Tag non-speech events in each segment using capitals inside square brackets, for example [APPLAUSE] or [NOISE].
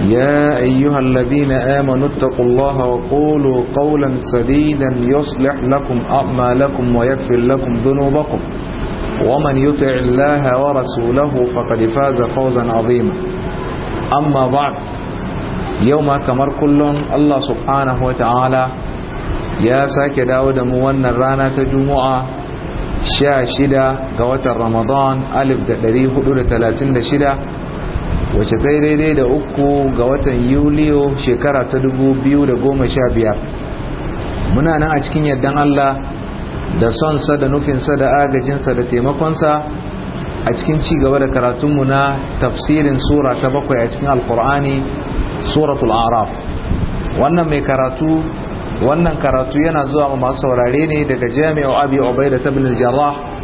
يا أيها الذين آمنوا اتقوا الله وقولوا قولا سديدا يصلح لكم أعمالكم ويكفر لكم ذنوبكم ومن يطع الله ورسوله فقد فاز فوزا عظيما أما بعد يوم كمر كل الله سبحانه وتعالى يا ساك داود موانا رانا تجمع شاشدة قوة رمضان ألف دريه شدة wace tsaye daidai da uku ga watan yuliyo shekara ta dubu biyu da goma sha biyar muna nan a cikin yardan allah da sonsa da nufinsa da agajinsa da taimakonsa a cikin ci gaba da karatunmu na tafsirin sura ta bakwai a cikin alkur'ani suratul araf wannan mai karatu wannan karatu yana zuwa masu saurare ne daga jami'a abi obai da tabbilin jarrah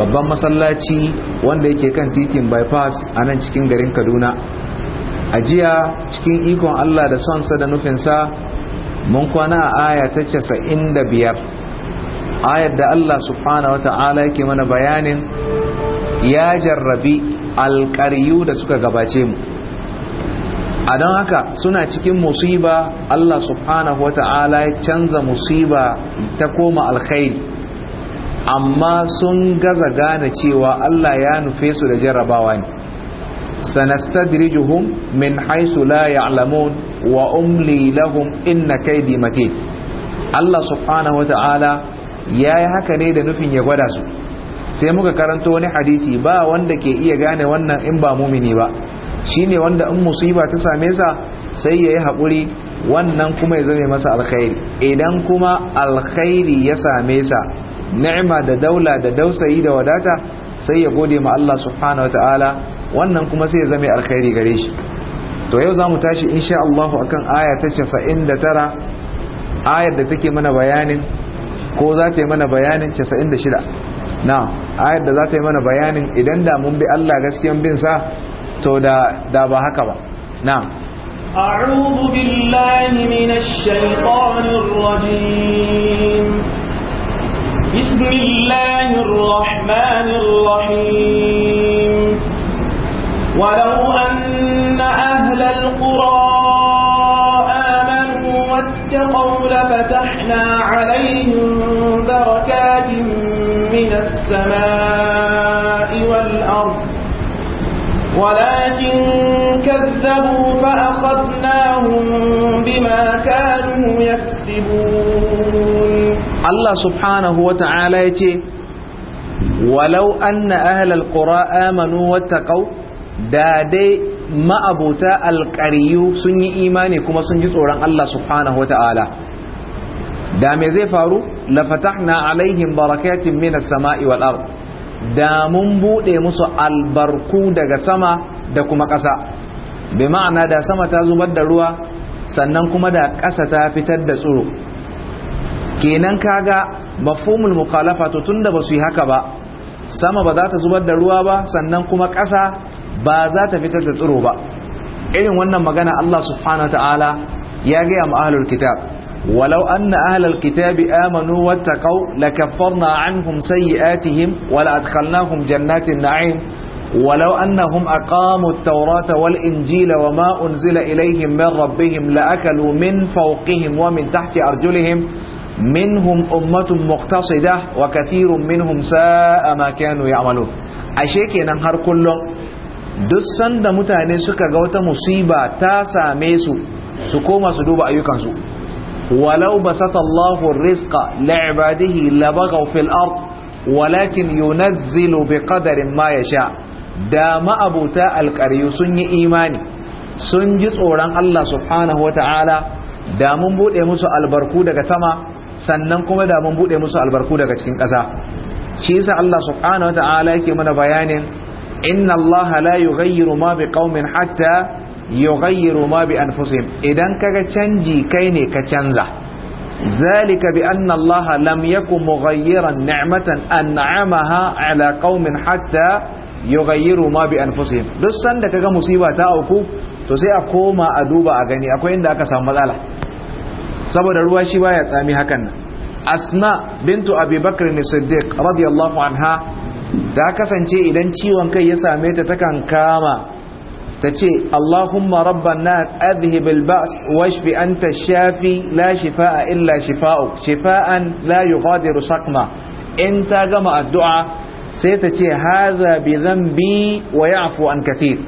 babban masallaci wanda yake kan titin bypass a nan cikin garin kaduna a jiya cikin ikon allah da sonsa da nufinsa mun kwana a aya ta casa'in da biyar ayar da allah subhanahu wata'ala yake mana bayanin ya jarrabi alƙaryu da suka gabace mu a don haka suna cikin musiba allah subhanahu wata'ala ya canza musiba ta koma alkhairi amma sun gaza gane cewa Allah ya nufe su da jarrabawa ne sanastadrijuhum min haisu la ya'lamun wa umli lahum inna kaidi matin Allah subhanahu wa ta'ala yayi haka ne da nufin ya gwada su sai muka karanto wani hadisi ba wanda ke iya gane wannan in ba mumini ba shine wanda in musiba ta same sa sai yayi yi haƙuri wannan kuma ya zame masa alkhairi idan kuma alkhairi ya same sa ni'ima da daula da dausayi da wadata sai ya gode ma Allah subhanahu wataala wannan kuma sai ya zame alkhairi gare shi to yau za mu tashi insha Allah akan aya ta 99 ayar da take mana bayanin ko za ta yi mana bayanin 96 na ayar da za ta yi mana bayanin idan da mun bi Allah gaskiyan bin sa to da da ba haka ba na أعوذ بالله من الشيطان الرجيم بسم الله الرحمن الرحيم ولو أن أهل القرى آمنوا واتقوا لفتحنا عليهم بركات من السماء والأرض ولكن كذبوا فأخذناهم بما كانوا يكسبون Allah subhanahu wa ta'ala ya ce walau anna ahlal qura amanu wattaqau da dai ma'abuta alqariyu sun yi imani kuma sun ji tsoron Allah subhanahu wa ta'ala da me zai faru la fatahna alaihim barakatin minas sama'i wal ard da mun bude musu albarku daga sama da kuma ƙasa bi ma'ana da sama ta zubar da ruwa sannan kuma da ƙasa ta fitar da tsiro kenan kaga mafhumul mukhalafa to tunda ba su yi haka ba sama ba za zubar da ruwa ba sannan kuma ƙasa ba zata ta fitar da tsiro ba irin wannan magana Allah subhanahu wataala ya gaya ma ma'alul kitab walau anna ahlal kitabi amanu wattaqau lakaffarna anhum sayyi'atihim wa la'adkhalnahum jannatin na'im ولو أنهم أقاموا التوراة والإنجيل وما أنزل إليهم من la'akalu min faukihim فوقهم ومن تحت أرجلهم minhum ummatun muqtasida wa kathirun minhum sa'a ma kanu ya'malun ashe kenan har kullum duk sanda mutane suka ga wata musiba ta same su su koma su duba ayyukansu walau basata Allahu rizqa li'ibadihi labaghaw fil ard walakin yunazzilu biqadarin ma yasha da ma'abuta alqariyu sun yi imani sun ji tsoron Allah subhanahu wata'ala da mun bude musu albarku daga sama sannan kuma da mun bude musu albarku daga cikin ƙasa shi yasa Allah subhanahu wata'ala yake mana bayanin inna Allah la yughayyiru ma biqaumin hatta yughayyiru ma bi anfusihim idan kaga canji kai ne ka canza zalika bi anna Allah lam yakun mughayyiran ni'matan an'amaha ala qaumin hatta yughayyiru ma bi anfusihim duk sanda ka ga musiba ta auku to sai a koma a duba a gani akwai inda aka samu matsala saboda ruwa shi baya tsami hakan nan asma bintu abubakar ne siddiq radiyallahu anha ta kasance idan ciwon kai ya same ta takan kama ta ce allahumma rabban nas adhhib al-ba's washfi anta shafi la shifaa illa shifaa'uk shifaan la yughadiru saqma in ta gama addu'a sai ta ce hadha bi dhanbi wa ya'fu an kathir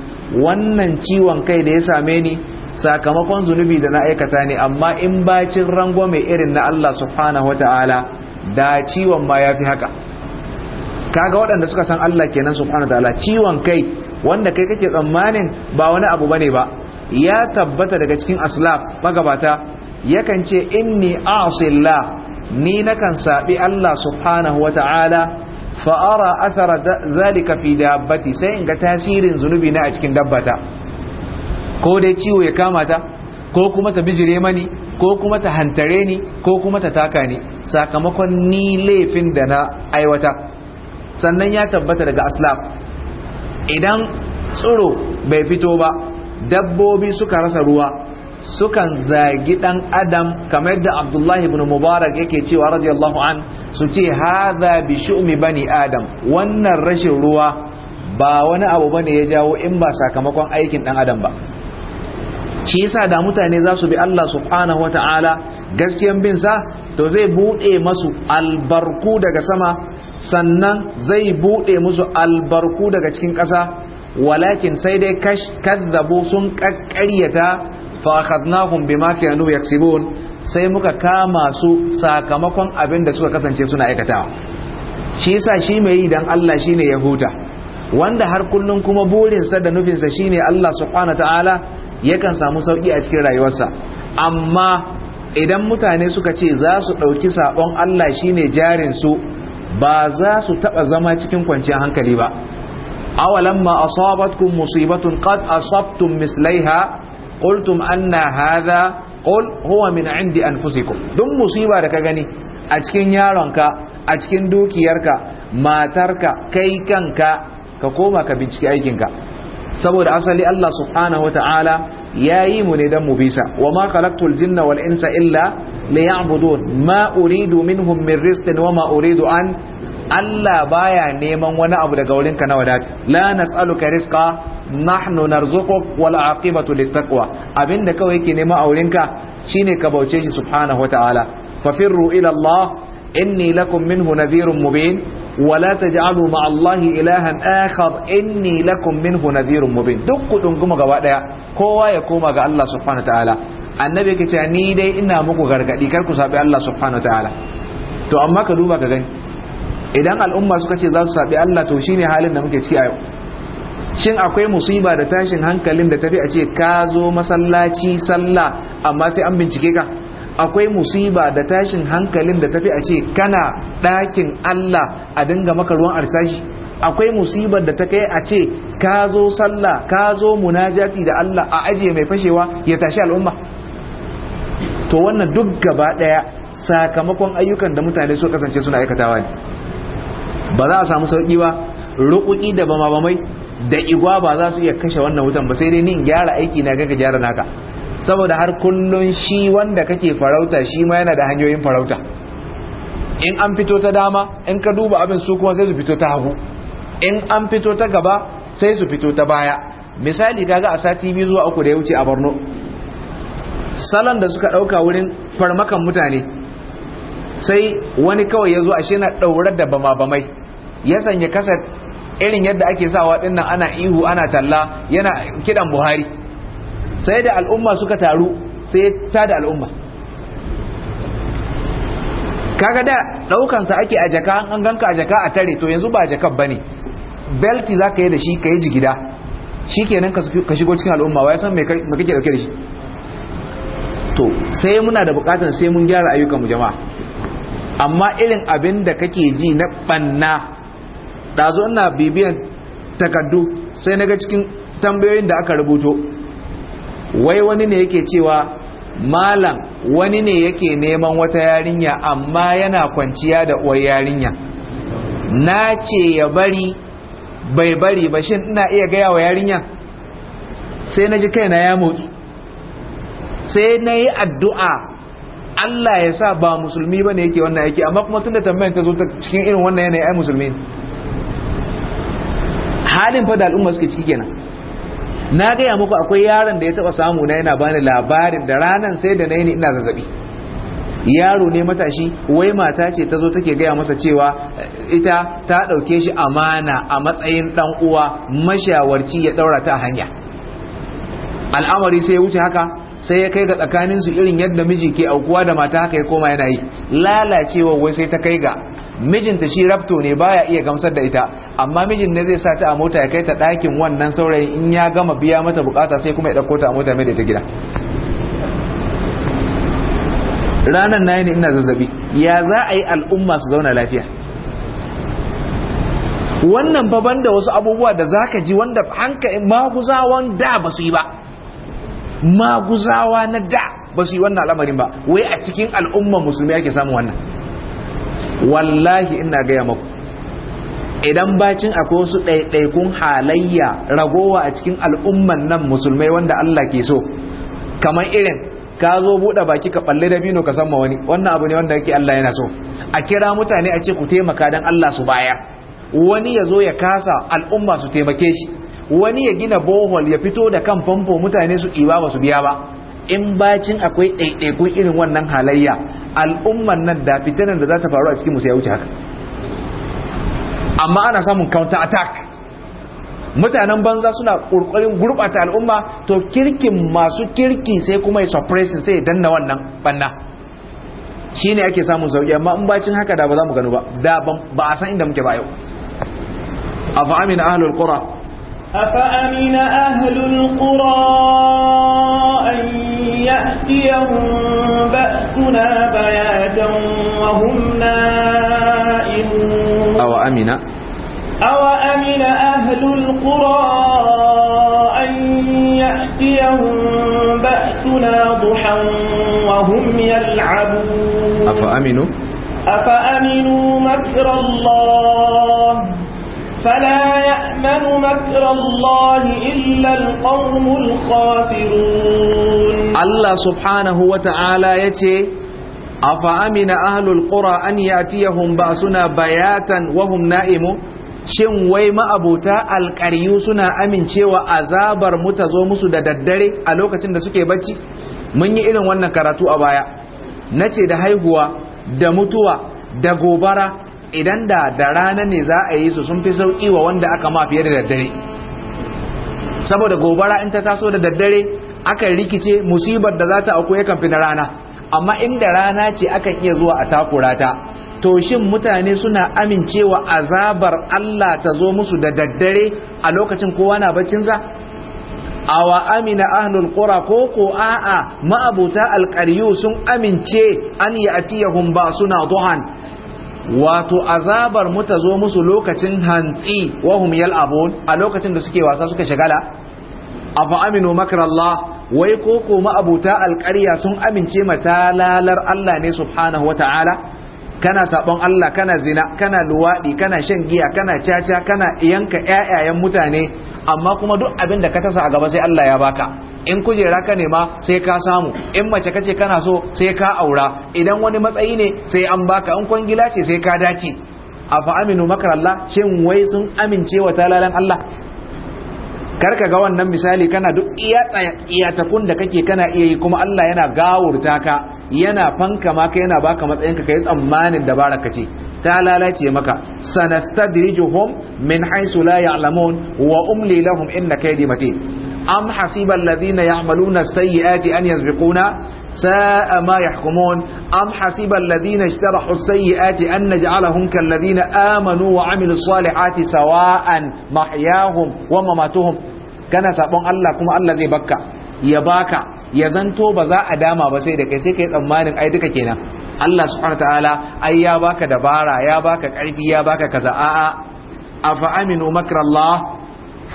wannan ciwon kai da ya same ni sakamakon zunubi da na aikata ne amma in bacin mai irin na Allah subhanahu ta'ala da ciwon ma fi haka kaga waɗanda suka san Allah kenan subhanahu ta'ala ciwon kai wanda kai kake tsammanin ba wani abu bane ba ya tabbata daga cikin aslaf magabata yakan ce inni asilla ni nakan sabi Allah subhanahu fa fa'ara athara zalika fi dabbati sai in ga tasirin zunubi na a cikin dabbata ko dai ciwo ya kama ta ko kuma ta bijire mani ko kuma ta hantare ni ko kuma ta taka ni sakamakon ni laifin da na aiwata sannan ya tabbata daga aslaf idan tsoro bai fito ba dabbobi suka rasa ruwa sukan zagi dan adam kamar yadda abdullahi ibn mubarak yake cewa radiyallahu an su ce hadha bi shu'mi bani adam wannan rashin ruwa ba wani abu bane ya jawo in ba sakamakon aikin dan adam ba shi yasa da mutane za su bi Allah subhanahu wata'ala gaskiyan bin sa to zai bude masu albarku daga sama sannan zai bude musu albarku daga cikin ƙasa walakin sai dai kash kadzabu sun kakkaryata fa akhadnahum bima kanu yaksibun sai muka kama su sakamakon abin da suka kasance suna aikatawa shi yasa shi mai yi dan Allah shine yahuda wanda har kullun kuma burinsa da nufinsa shine Allah subhanahu ta'ala yakan samu sauki a cikin rayuwarsa amma idan mutane suka ce za su ɗauki saɓon Allah shine jarin su ba za su taɓa zama cikin kwanciyar hankali ba awalamma asabatkum musibatun qad asabtum mislaiha qultum anna hadha qul huwa min indi anfusikum duk musiba da ka gani a cikin yaronka a cikin dukiyarka matarka kai kanka ka koma ka binciki aikinka saboda asali Allah subhanahu wata'ala ya yi mu ne dan mu bisa wa ma khalaqtul jinna wal insa illa liya'budun ma uridu minhum min rizqin wa ma uridu an Allah baya neman wani abu daga wurinka na wadata la nas'aluka rizqa nahnu narzuquk wal aqibatu littaqwa abinda kawai yake nema a ka shine ka bauce shi subhanahu wata'ala fafirru ila Allah inni lakum minhu nadhirun mubin wala taj'alu ma Allahi ilahan akhar inni lakum minhu nadhirun mubin duk ku dunguma gaba daya kowa ya koma ga Allah subhanahu ta'ala annabi yake cewa ni dai ina muku gargadi kar ku sabi Allah subhanahu ta'ala to amma ka duba ka gani idan al'umma suka ce za su sabi Allah to shine halin da muke ciki a yau shin akwai musiba da tashin hankalin da tafi a ce ka zo masallaci sallah amma sai an bincike ka akwai musiba da tashin hankalin da tafi a ce kana ɗakin Allah a dinga maka ruwan arsashi akwai musibar da ta kai a ce ka zo sallah ka zo munajati da Allah a ajiye mai fashewa ya tashi al'umma to wannan duk gaba ɗaya sakamakon ayyukan da mutane so kasance suna aikatawa ne ba za a samu sauƙi ba rukuki da bama bamai da igwa ba za su iya kashe wannan wutan ba sai dai ni in gyara aiki na gaga gyara naka saboda har kullun shi wanda kake farauta shi ma yana da hanyoyin farauta in an fito ta dama in ka duba abin su kuma sai su fito ta hagu in an fito ta gaba sai su fito ta baya misali kaga a sati biyu zuwa uku da ya wuce a Borno salon da suka ɗauka wurin farmakan mutane sai wani kawai ya zo ashe na daurar da bama bamai ya sanya kasa irin yadda ake sawa dinnan ana ihu ana talla yana kiɗan Buhari sai da al'umma suka taru sai ta da al'umma kaga da daukansa ake a jaka an ganka a jaka a tare to yanzu ba jaka bane belti za ka yi da shi ka yi jigida shi kenan ka shigo cikin al'umma wa san mai kake dauke da shi to sai muna da bukatar sai mun gyara ayyukan mu jama'a amma irin abin da kake ji na banna ɗazu ina bibiyan takardu sai na ga cikin tambayoyin da aka rubuto wai wani ne yake cewa malam wani ne yake neman wata yarinya amma yana kwanciya da uwar yarinya na ce ya bari bai bari ba shin ina iya gaya wa yarinya sai na ji kaina ya motsu sai na yi addu'a Allah ya sa ba musulmi ba ne yake wannan yake amma kuma tun da tambayin ta zo ta cikin irin wannan yanayi ai musulmi halin fa da al'umma suke ciki kenan na gaya muku akwai yaron da ya taba samu na yana bani labarin da ranan sai da nayi ina zazzabi yaro ne matashi wai mata ce ta zo take gaya masa cewa ita ta ɗauke shi amana a matsayin ɗan uwa mashawarci ya ɗaura ta hanya al'amari sai ya wuce haka sai ya kai ga tsakaninsu irin yadda miji ke aukuwa da mata haka ya koma yana yi lalacewa wai sai ta kai ga mijinta shi rabto ne baya iya gamsar da ita amma mijin ne zai sa ta a mota ya kai ta ɗakin wannan saurayin in ya gama biya mata bukata sai kuma ya ɗauko ta a mota mai da ta gida ranar na yi ina zazzabi ya za a yi al'umma su zauna lafiya wannan baban da wasu abubuwa da za ka ji wanda hankali maguzawan da ba su yi ba maguzawa na da ba su yi wannan al'amarin ba wai a cikin al'umma musulmi ake samun wannan wallahi ina gaya maku idan bacin akwai wasu ɗaiɗaikun halayya ragowa a cikin al'umman nan musulmai wanda Allah ke so kamar irin ka zo buɗe baki ka ɓalle da bino ka samma wani wannan abu ne wanda yake Allah yana so a kira mutane a ce ku taimaka dan Allah su baya wani ya zo ya kasa al'umma su taimake shi wani ya gina bohol ya fito da kan famfo mutane su ɗiba ba su biya ba in bacin akwai ɗaiɗaikun irin wannan halayya al'umman nan da fitanan da za ta faru a cikin musu ya wuce haka amma ana samun counter attack mutanen banza suna ƙurƙurin gurɓata al'umma to kirkin masu kirki sai kuma ya suppressing sai ya danna wannan banna shi ne ake samun sauƙi amma in bacin haka da ba za mu gano ba da ba a san inda muke ba yau a Amina ahlul qura amina ahlul qura an ya'tiyahum يأتنا بياتا وهم نائمون أو أمن أو أمن أهل القرى أن يأتيهم بأسنا ضحى وهم يلعبون أفأمنوا أفأمنوا مكر الله فلا يأمن مكر الله إلا القوم الخاسرون الله سبحانه وتعالى يتي أفأمن أهل القرى أن يأتيهم بأسنا بياتا وهم نائمون shin wai ma'abuta alƙaryu suna amincewa azabar mu ta zo musu da daddare a lokacin da suke bacci mun yi irin wannan karatu a baya nace da haihuwa da mutuwa da gobara idan da da rana ne za a yi su sun fi sauki wa wanda aka ma fiye da daddare saboda gobara in ta taso da daddare aka rikice musibar da za ta auku yakan fi na rana amma inda rana ce akan iya zuwa a takura ta to shin mutane suna amincewa azabar Allah ta zo musu da daddare a lokacin kowa na baccinsa wa amina ahlul qura ko ko a'a ma'abuta alqaryu sun amince an atiyahum ba suna duhan wato azabar mu ta zo musu lokacin hantsi wahumyal abun a lokacin da suke wasa suka shagala afa aminu makrallah wai ko ko abuta alƙarya sun amince matalalar Allah ne subhanahu wata'ala kana sabon Allah kana zina kana luwaɗi kana shan giya kana caca kana yanka ƴaƴayen mutane amma kuma duk abin da ka tasa a gaba sai Allah ya baka in kujera ka nema sai ka samu in mace kace kana so sai ka aura idan wani matsayi ne sai an baka in kwangila ce sai ka dace afa aminu shin wai sun amince wa talalan Allah karka ga wannan misali kana duk iya iyatakun da kake kana iya yi kuma Allah yana gawurta ka yana fanka maka yana baka matsayin ka kai tsammanin dabara ka ce ta lalace maka sanastadrijuhum min haythu la ya'lamun wa umli lahum inna kaydi matin am hasiba alladhina ya'maluna as-sayyi'ati an yasbiquna ساء ما يحكمون أم حسب الذين اجترحوا السيئات أن نجعلهم كالذين آمنوا وعملوا الصالحات سواء محياهم ومماتهم كان سابون الله كما الله زي بكا يباكا يزنتو بزاء داما بسيدة كيسي كي أمانك أي دكا كينا الله سبحانه وتعالى أي يا باكا دبارا يا باكا كعيفي يا باكا كذا آآ أفأمنوا مكر الله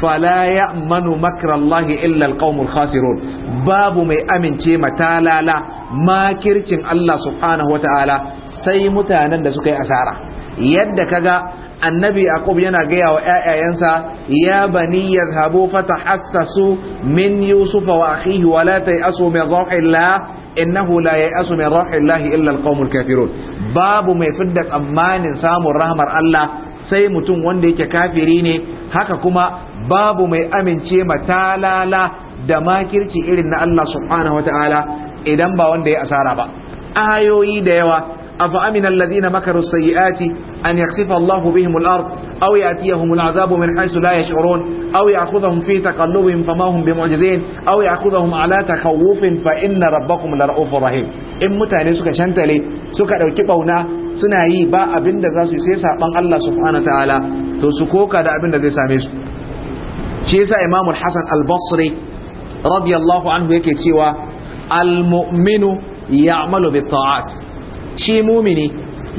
fala ya'manu illal illa alqaumul khasirun babu mai amince matalala makircin Allah subhanahu wataala sai mutanen da suka yi asara yadda kaga annabi yaqub yana gaya wa ƴaƴayensa ya bani yadhhabu fatahassasu min yusufa wa akhihi wa la tayasu min dhahillah innahu la yayasu min rahillah illa alqaumul babu mai fidda tsammanin samun rahmar Allah sai mutum wanda yake kafiri ne haka kuma babu mai amince matalala da makirci irin na Allah subhanahu wa idan ba wanda ya asara ba ayoyi da yawa afa amina alladhina makaru sayyiati an yaksifa Allah bihim al-ard aw yatiyahum al-azabu min haythu la yash'urun aw ya'khudhahum fi taqallubihim fama hum bimu'jizin aw ya'khudhahum ala takhawufin fa inna rabbakum lara'ufur rahim in mutane suka shantale suka dauki bauna suna yi ba abin da za su yi sai saban Allah subhanahu ta'ala to su koka da abin da zai same su shi yasa imamul hasan al-basri radiyallahu anhu yake cewa al-mu'minu ya'malu bi ta'at shi mumini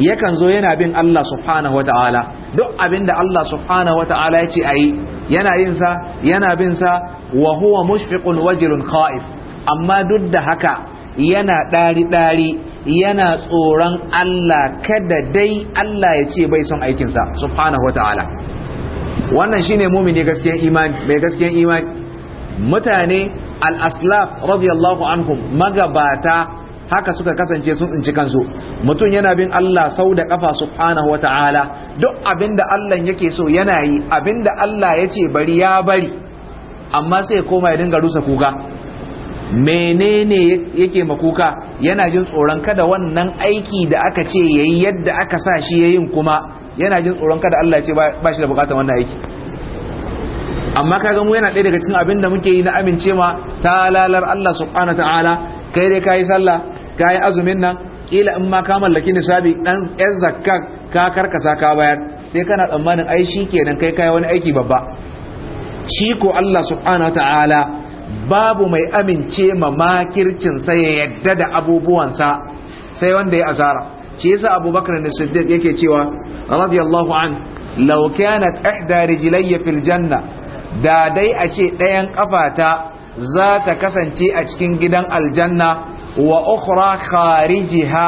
yakan zo yana bin Allah subhanahu wa ta'ala duk abinda Allah subhanahu wa ta'ala ya ce ayi yana yin sa yana bin sa wa huwa mushfiqun wajilun kha'if amma duk da haka yana dari dari yana tsoron Allah kada dai Allah ya ce bai son aikinsa subhanahu wa ta'ala wannan shine mumini gaskiyar imani mai gaskiyar imani mutane al-aslaf radiyallahu anhum magabata haka suka kasance sun tsinci kansu mutum yana bin Allah sau da kafa subhanahu wata'ala duk abinda Allah yake so yana yi abinda Allah ya ce bari ya bari amma sai koma ya dinga rusa kuka menene yake makuka yana jin tsoron kada wannan aiki da aka ce yayi yadda aka sa shi yayin kuma yana jin tsoron kada Allah ya ce ba shi da bukatar wannan aiki amma kaga mu yana ɗaya daga cikin abin da muke yi na amince ma ta lalar Allah subhanahu ta'ala kai dai kayi sallah kayi azumin nan kila in ma ka mallaki nisabi ɗan yan zakka ka karkasa ka bayar sai kana tsammanin ai shi kenan kai kaya wani aiki babba shi ko Allah subhanahu ta'ala babu mai amince ma makircin sa ya yadda da abubuwansa sai wanda ya asara shi yasa abubakar da siddiq yake cewa radiyallahu an law kanat ihda rijlayya fil janna da dai a ce ɗayan kafata za ta kasance a cikin gidan aljanna wa ukhra kharijiha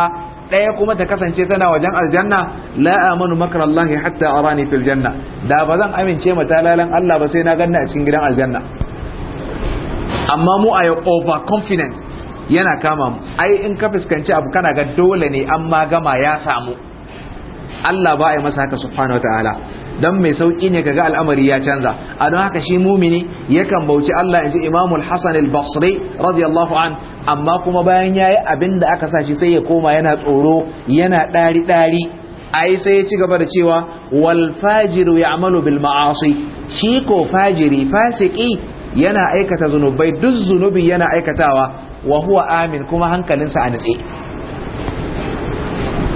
ɗaya kuma ta kasance tana wajen aljanna la amanu makar hatta arani fil janna da ba zan amince ma talalan Allah ba sai na ganna a cikin gidan aljanna amma mu a over confident yana kama mu ai in ka fuskanci abu kana ga dole ne an ma gama ya samu Allah ba a yi masa haka subhanahu ta'ala. dan mai sauƙi ne kaga al'amari ya canza a don haka shi mumini yakan bauci Allah inji Imam Al-Hasan Al-Basri radiyallahu an amma kuma bayan yayi abin da aka sa shi sai ya koma yana tsoro yana dari dari ai sai ya ci gaba da cewa wal fajiru ya'malu bil ma'asi shi ko fajiri fasiki yana aikata zunubai duk zunubi yana aikatawa wa huwa amin kuma hankalinsa a natse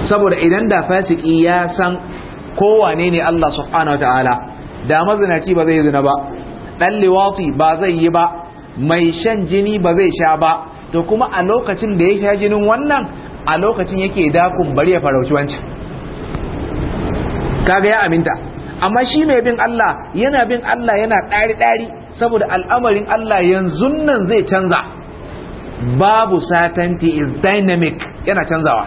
saboda idan da fasiki ya san kowane ne Allah subhanahu wa ta'ala da mazinaci ba zai zina ba dan liwati ba zai yi ba mai shan jini ba zai sha ba to kuma a lokacin da ya sha jinin wannan a lokacin yake dakun bari ya farauci wancan kaga ya aminta amma shi mai bin Allah yana bin Allah yana ɗari-ɗari saboda al'amarin Allah yanzu nan zai canza babu satanti is dynamic yana canzawa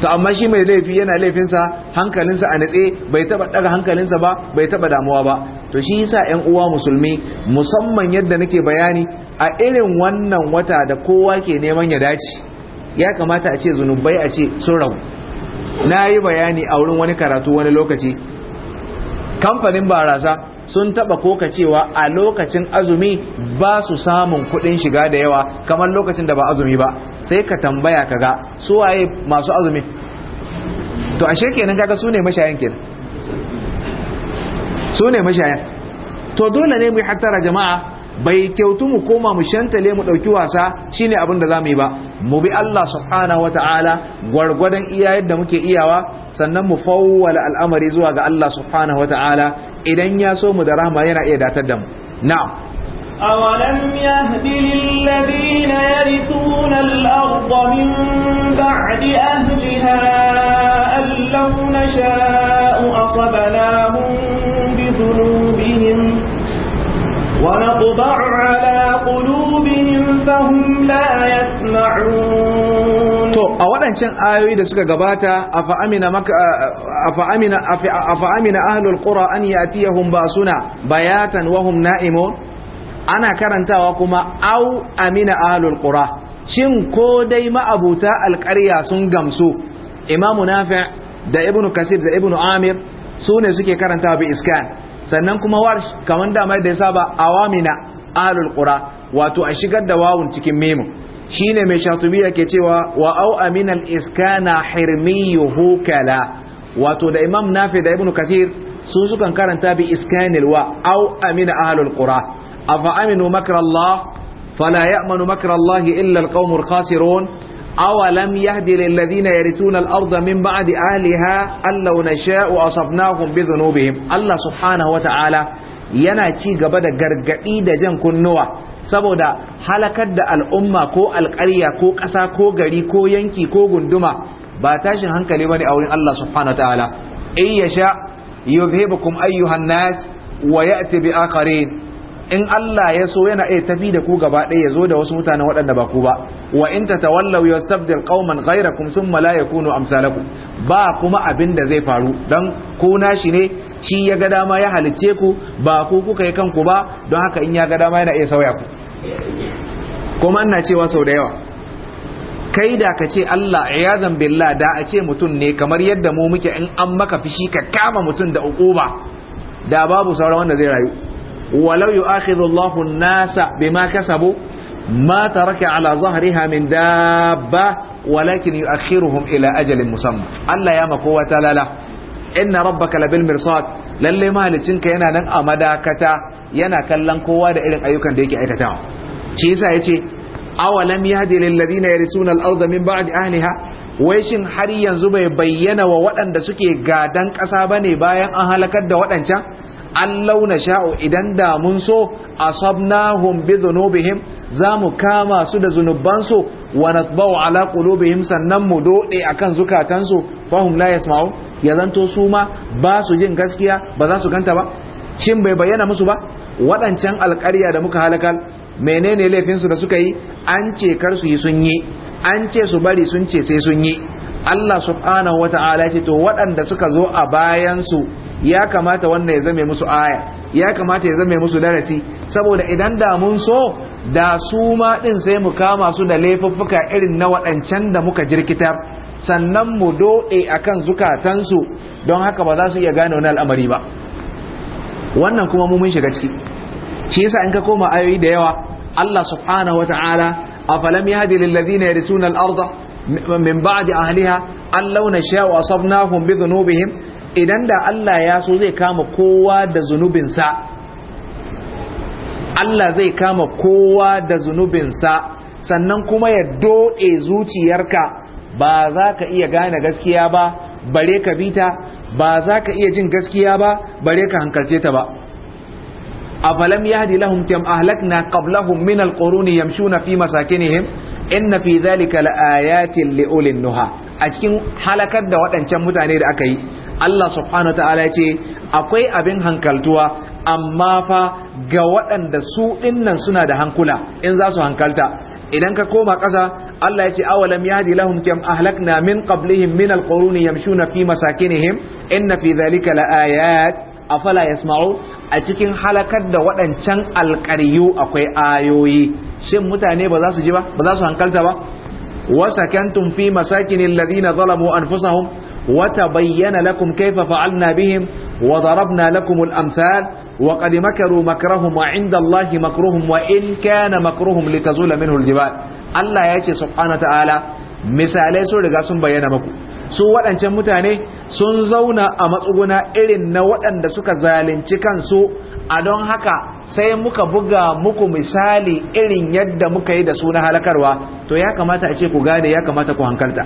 to amma shi mai laifi yana laifinsa hankalinsa a natse bai taba daga hankalinsa ba bai taba damuwa ba to shi yasa 'yan uwa musulmi musamman yadda nake bayani a irin wannan wata da kowa ke neman ya dace ya kamata a ce zunubai a ce sun ragu na yi bayani a wurin wani karatu wani lokaci kamfanin barasa sun taba koka cewa a lokacin azumi ba su samun kuɗin shiga da yawa kamar lokacin da ba azumi ba sai ka tambaya kaga su waye masu azumi to ashe kenan kaga su ne mashayan kenan su ne mashayan to dole ne mu yi hattara jama'a bai kyautu mu koma mu shantale mu ɗauki wasa shine abin da za mu yi ba mu bi Allah subhanahu wata'ala gwargwadon iya yadda muke iyawa sannan mu fawwala al'amari zuwa ga Allah subhanahu wata'ala idan ya so mu da Rahma yana iya datar da mu na'am awalam yahdi lilladheena yarithuna al-ardha min ba'di ahliha allaw nasha'u asabnahum bi dhunubihim wa naqda'u ala qulubihim fahum la yasma'un to a waɗancan ayoyi da suka gabata a fa'amina ahalul ƙura an yi a ahlul bayatan wahum na’imo ana karantawa kuma au amina ahalul ƙura shin ko dai ma'abuta alƙarya sun gamsu imamu nafi' da ibnu kasir da ibnu amir su ne suke karantawa bi iskan sannan kuma warsh kamar damar da ya saba awamina ahalul ƙura wato a shigar da wawun cikin memu. shine mai shatubi yake cewa wa au aminal iskana hirmiyu kala. wato da imam nafi da ibnu kathir su sukan karanta bi iskanil wa au amina ahlul qura afa aminu makra allah fala ya'manu makra allah illa alqaumul khasirun أولم يهدي للذين يرثون الأرض من بعد أهلها أن لو نشاء أصبناهم Allah الله سبحانه وتعالى yana ci gaba da gargaɗi da jan kunnuwa saboda halakar da al'umma ko alƙarya ko ƙasa ko gari ko yanki ko gunduma ba tashin hankali bane a wurin Allah subhanahu wataala in yasha yuzhibukum ayyuhan nas wa ya'ti bi akharin in Allah ya so yana iya tafi da ku gaba ɗaya ya zo da wasu mutanen waɗanda ba ku ba wa in tatawallaw yastabdil qauman ghayrakum thumma la yakunu amsalakum ba kuma abin da zai faru dan ku nashi ne shi ya ga dama ya halicce ku ba ku kuka yi kanku ba don haka in ya ga dama yana iya sauya ku kuma ina cewa sau da yawa kai da ka ce Allah iyazan billah da a ce mutum ne kamar yadda mu muke in an maka fishi ka kama mutum da ukuba da babu sauran wanda zai rayu walau yu'akhidhu Allahu an-nasa bima kasabu ما ترك على ظهرها من دابة ولكن يؤخرهم ila ajalin مسمى Allah ya مكوة لا لا inna rabbaka labil mirsad lalle ka yana nan a madakata yana kallon kowa da irin ayyukan da yake aikatawa shi yasa yace awalam yahdi lil ladina yarisuna al arda min ba'di ahliha wai shin har yanzu bai bayyana wa waɗanda suke gadan ƙasa bane bayan an halakar da waɗancan an launa sha'o idan da mun so asabnahum bi dhunubihim za mu kama su da zunubansu wa natba'u ala qulubihim sannan mu dode akan zukatansu fahum la yasma'u ya zanto su ma ba su jin gaskiya ba za su ganta ba shin bai bayyana musu ba waɗancan alƙarya da muka halakal menene laifinsu da suka yi an ce kar su yi sun yi an ce su bari sun ce sai sun yi Allah subhanahu wa ta'ala ce to waɗanda suka zo a bayansu ya kamata wannan ya zame musu aya ya kamata ya zame musu darasi saboda idan da mun so da su ma ɗin sai mu kama su da laifuffuka irin na waɗancan da muka jirkitar sannan mu doɗe kan zukatansu don haka ba za su iya gane wani al'amari ba wannan kuma mu mun shiga ciki shi yasa in ka koma ayoyi da yawa Allah subhanahu wa ta'ala afalam yahdi lil ladina yarisuna al arda min ba'di ahliha allaw nasha'u asabnahum bi dhunubihim idan da Allah ya so zai kama kowa da zunubinsa Allah zai kama kowa da zunubinsa sannan kuma ya doɗe zuciyarka ba za ka iya gane gaskiya ba bare ka bita ba za ka iya jin gaskiya ba bare ka hankalce ta ba afalam yahdi lahum kam ahlakna qablahum min alqurun yamshuna fi masakinihim inna fi dhalika laayatin liulin nuha a cikin halakar da waɗancan mutane da aka yi Allah subhanahu ta'ala ya ce akwai abin hankaltuwa amma fa ga waɗanda su ɗinnan suna da hankula in za su hankalta idan ka koma ƙasa Allah ya ce awalam yahdi lahum kam ahlakna min qablihim min alquruni yamshuna fi masakinihim inna fi dhalika laayat afala yasma'u a cikin halakar da waɗancan alƙaryu akwai ayoyi shin mutane ba za su ji ba ba za su hankalta ba wasakantum fi masakinil Wata zalamu anfusahum وتبين لكم كيف فعلنا بهم وضربنا lakumul الأمثال wa qad makaru makrahum inda Allahi makruhum in kana makruhum litazula minhu aljibal Allah ya ce subhanahu ta'ala misalai sun riga sun bayyana maku su waɗancan mutane sun zauna a matsuguna irin na waɗanda suka zalunci kansu a don haka sai muka buga muku misali irin yadda muka yi da su na halakarwa to ya kamata a ce ku gane ya kamata ku hankalta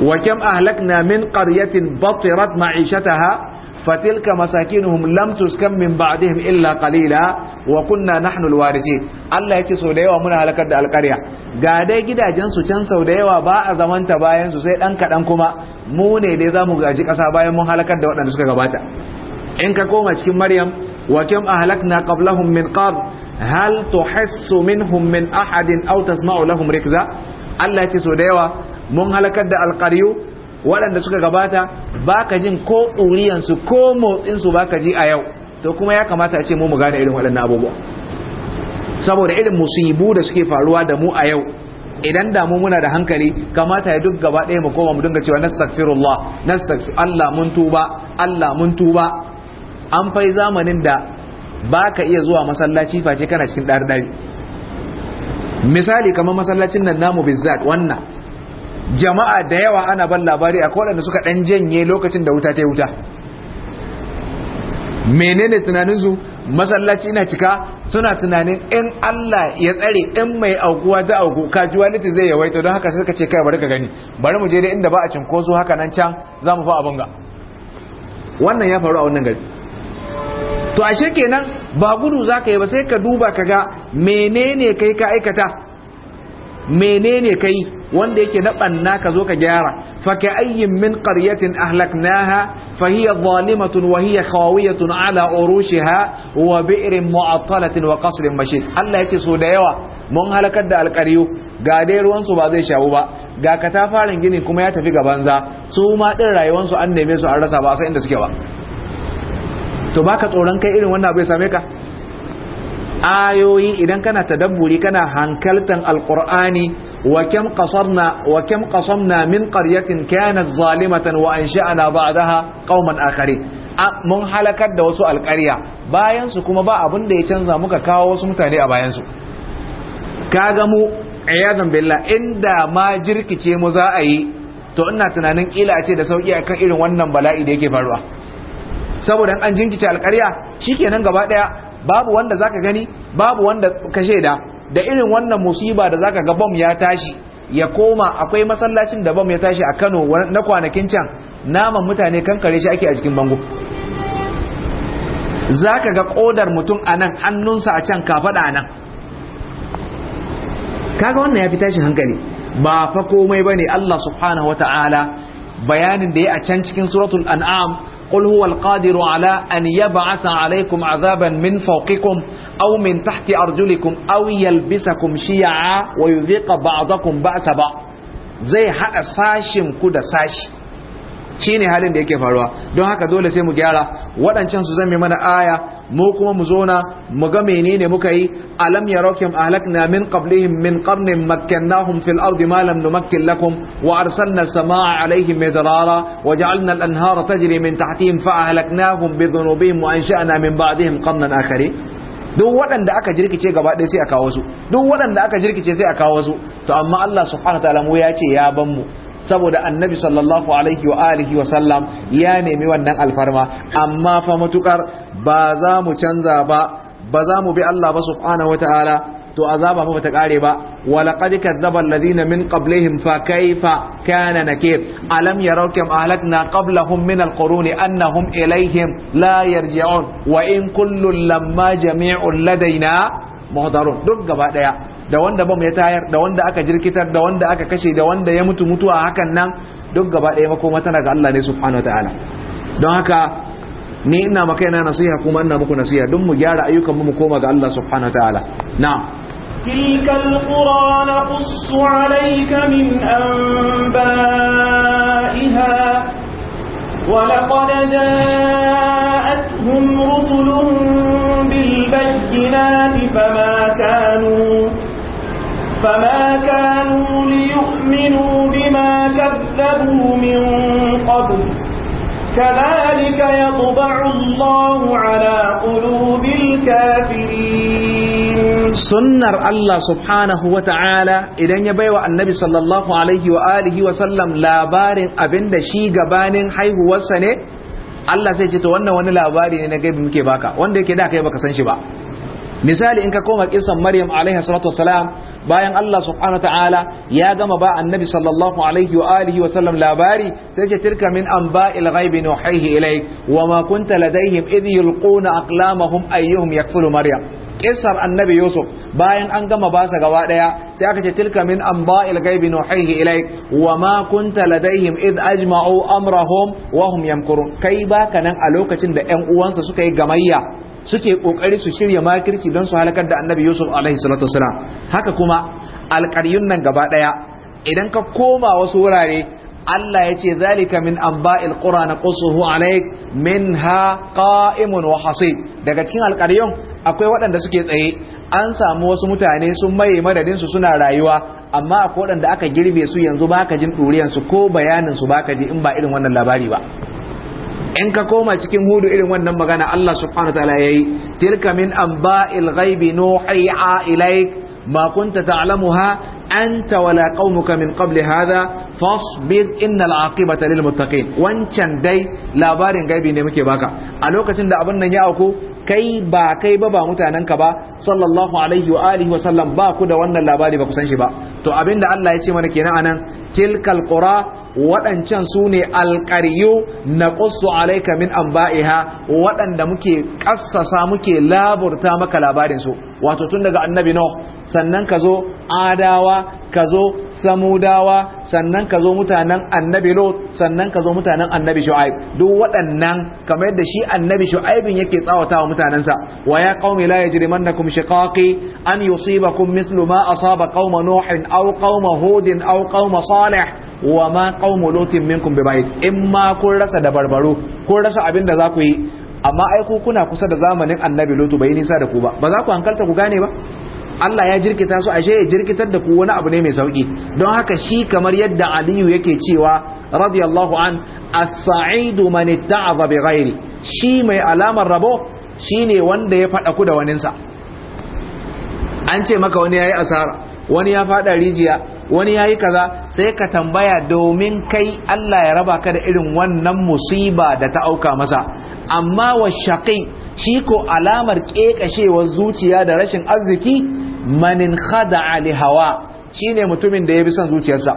wa ahlak na min qaryatin batirat ma'ishataha Fatilka فتلك مساكنهم kan تسكن من بعدهم إلا قليلا وكنا نحن الوارثين الله يتي سو yawa muna halakar da alƙarya ga dai gidajen can sau da yawa ba zamanta bayan su sai dan kadan kuma mu ne dai zamu gaji ƙasa bayan mun halakar da waɗanda suka gabata in ka koma cikin maryam wa kam ahlakna qablahum min qad hal tuhissu minhum min ahadin aw ma'aulahum lahum rikza Allah yace so da yawa mun halakar da alqaryu waɗanda suka gabata baka jin ko ɗuriyansu ko motsinsu baka ji a yau to kuma ya kamata ce mu mu gane irin waɗannan abubuwa saboda irin musibu da suke faruwa da mu a yau idan damu muna da hankali kamata ya duk gaba ɗaya mu koma mu dinga cewa nastaghfirullah nastaghfir Allah mun tuba Allah mun tuba an fai zamanin da baka iya zuwa masallaci face kana cikin ɗari ɗari misali kamar masallacin nan namu bizzat wannan jama'a da yawa ana ban labari a da suka ɗan janye lokacin da wuta ta yi wuta menene tunaninsu masallaci na cika suna tunanin in Allah ya tsare in mai aukuwa ta auku casualty zai yawaita don haka suka ce kai bari ka gani bari mu je da inda ba a cinkoso haka nan can za mu fa abin ga wannan ya faru a wannan gari to ashe kenan ba gudu zaka yi ba sai ka duba kaga. menene kai ka aikata menene kai wanda yake na banna ka zo ka gyara fa ka ayyin min qaryatin ahlaknaha fa hiya zalimatun wa hiya khawiyatun ala urushiha wa bi'rin mu'attalatin wa qasrin mashid Allah yake so da yawa mun halakar da alqaryu ga dai ruwan su ba zai shawo ba ga katafaren gini kuma ya tafi ga banza su ma din rayuwar su an neme su an rasa ba sai inda suke ba to baka tsoron kai irin wannan abu ya same ka ayoyi idan kana tadabburi kana hankaltan alqur'ani wa kam qasarna wa kam qasamna min qaryatin kanat zalimatan wa ansha'na ba'daha qauman akharin mun halakar da wasu alqarya bayan su kuma ba abin da ya canza muka kawo wasu mutane a bayan su kaga mu ayyadan billah inda ma jirkice mu za a yi to ina tunanin kila a ce da sauki akan irin wannan bala'i da yake faruwa saboda an jinkice alƙarya shikenan gaba daya babu wanda zaka gani babu wanda ka shaida da irin wannan musiba da zaka ga bom ya tashi ya koma akwai masallacin da bom ya tashi a Kano na kwanakin can naman mutane kan kare shi ake a jikin bango zaka ga kodar mutum a nan hannunsa a can ka a nan kaga wannan ya fi tashin hankali ba fa komai bane Allah subhanahu wata'ala bayanin da ya a can cikin suratul an'am قل هو القادر على أن يبعث عليكم عذابا من فوقكم أو من تحت أرجلكم أو يلبسكم شيعا ويذيق بعضكم بأس بعض زي حق ساشم كده ساشم shi ne halin da yake faruwa don haka dole sai mu gyara waɗancan su zame mana aya mu kuma mu zona mu ga menene muka yi alam yarakum ahlakna min qablihim min qarnin makkannahum fil ardi ma lam numakkin lakum wa arsalna samaa alaihim midrara wa ja'alna al anhara tajri min tahtihim fa ahlaknahum bi dhunubihim wa ansha'na min ba'dihim qarnan akharin duk waɗanda aka jirkice gaba ɗaya sai a kawo su duk waɗanda aka jirkice sai a kawo su to amma Allah subhanahu wa ta'ala mu ya ce ya ban mu saboda annabi sallallahu alaihi wa alihi wa sallam ya nemi wannan alfarma amma fa matukar ba za mu canza ba ba za mu bi Allah ba subhanahu wa ta'ala to azaba fa bata kare ba wa laqad kadzdzaba alladhina min qablihim fa kayfa kana nakir alam yaraw kam ahlakna qablahum min alquruni annahum ilayhim la yarji'un wa in kullu lamma jami'un ladaina muhdarun duk gaba daya da wanda bam ya tayar da wanda aka jirkitar da wanda aka kashe da wanda ya mutu mutuwa hakan nan duk gaba ɗaya makoma tana ga Allah ne subhanahu wataala don haka ni ina maka yana nasiha kuma ina muku nasiha don mu gyara ayyukan mu koma ga Allah subhanahu wataala na'am تلك القرى نقص عليك من أنبائها ولقد جاءتهم رسلهم بالبينات فما كانوا فما كانوا ليؤمنوا بما كذبوا من قبل كذلك يطبع الله على قلوب الكافرين سنر الله سبحانه وتعالى إذن يبيوى النبي صلى الله عليه وآله وسلم لا بار أبن دشي قبان حيه وسنه Allah sai ce to wannan wani labari ne na gaibi muke baka wanda yake da kai baka san shi ba misali in ka koma kisan maryam alaiha salatu wassalam bayan Allah subhanahu ta'ala ya gama ba annabi sallallahu alaihi wa alihi wa sallam labari sai ce tilka min anba'il ghaibi nuhihi ilayk wa ma kunta ladaihim idh yulquna aqlamahum ayyuhum yakfulu maryam kisar annabi yusuf bayan an gama basa gaba daya sai aka ce tilka min anba'il ghaibi nuhihi ilaik wa ma kunta ladaihim id ajma'u amrahum wa hum yamkurun kai baka nan a lokacin da yan uwansa suka yi gamayya suke kokari su shirya makirci don su halakar da annabi yusuf alaihi salatu wasalam haka kuma alƙaryun nan gaba ɗaya idan ka koma wasu wurare Allah ya ce zalika min anba'il na naqsuhu alaik ha ƙa’imun wa hasid daga cikin alƙaryun akwai waɗanda suke tsaye an samu wasu mutane sun maye madadinsu suna rayuwa amma akwai waɗanda aka girbe su yanzu baka jin ɗuriyansu ko bayanin su baka ji in ba irin wannan labari ba in ka koma cikin hudu irin wannan magana Allah subhanahu wa ta'ala yayi tilka min anba'il ghaibi nuhi'a ilaik ma kunta ta'lamuha anta wala qaumuka min qabli hadha fasbir innal aqibata lil muttaqin wancan dai labarin gaibi ne muke baka a lokacin da abin nan ya auku kai ba kai ba ba ka ba sallallahu alaihi wa alihi wa sallam ba ku da wannan labari ba ku san shi ba to abinda Allah ya ce mana kenan anan tilkal qura waɗancan su ne alƙaryu na ƙusu alaika min an ba'iha waɗanda muke ƙassasa muke laburta maka labarinsu wato tun daga annabi no sannan ka zo adawa ka zo samudawa sannan ka zo mutanen annabi lot sannan ka zo mutanen annabi shu'aib duk waɗannan kamar yadda shi annabi shu'aibin yake tsawata wa mutanensa wa ya qaumi la yajrimannakum shiqaqi an yusibakum mislu ma asaba qauma nuhin aw qauma hudin aw qauma salih wa ma qaumu lutin minkum bibait in kun rasa da barbaro kun rasa abin da za ku yi amma ai ku kuna kusa da zamanin annabi lutu bai nisa da ku ba ba za ku hankalta ku gane ba Allah ya jirkita su ashe ya jirkitar da ku wani abu ne mai sauki don haka shi kamar yadda Aliyu yake cewa radiyallahu an as-sa'idu man itta'aza bi ghairi shi mai alamar rabo shine wanda ya fada ku da waninsa an ce maka wani yayi asara wani ya fada rijiya wani yayi kaza sai ka tambaya domin kai Allah ya raba ka da irin wannan musiba da ta auka masa amma wa shaqi shi ko alamar kekashewar zuciya da rashin arziki manin khada ali hawa shine mutumin da ya bi son zuciyarsa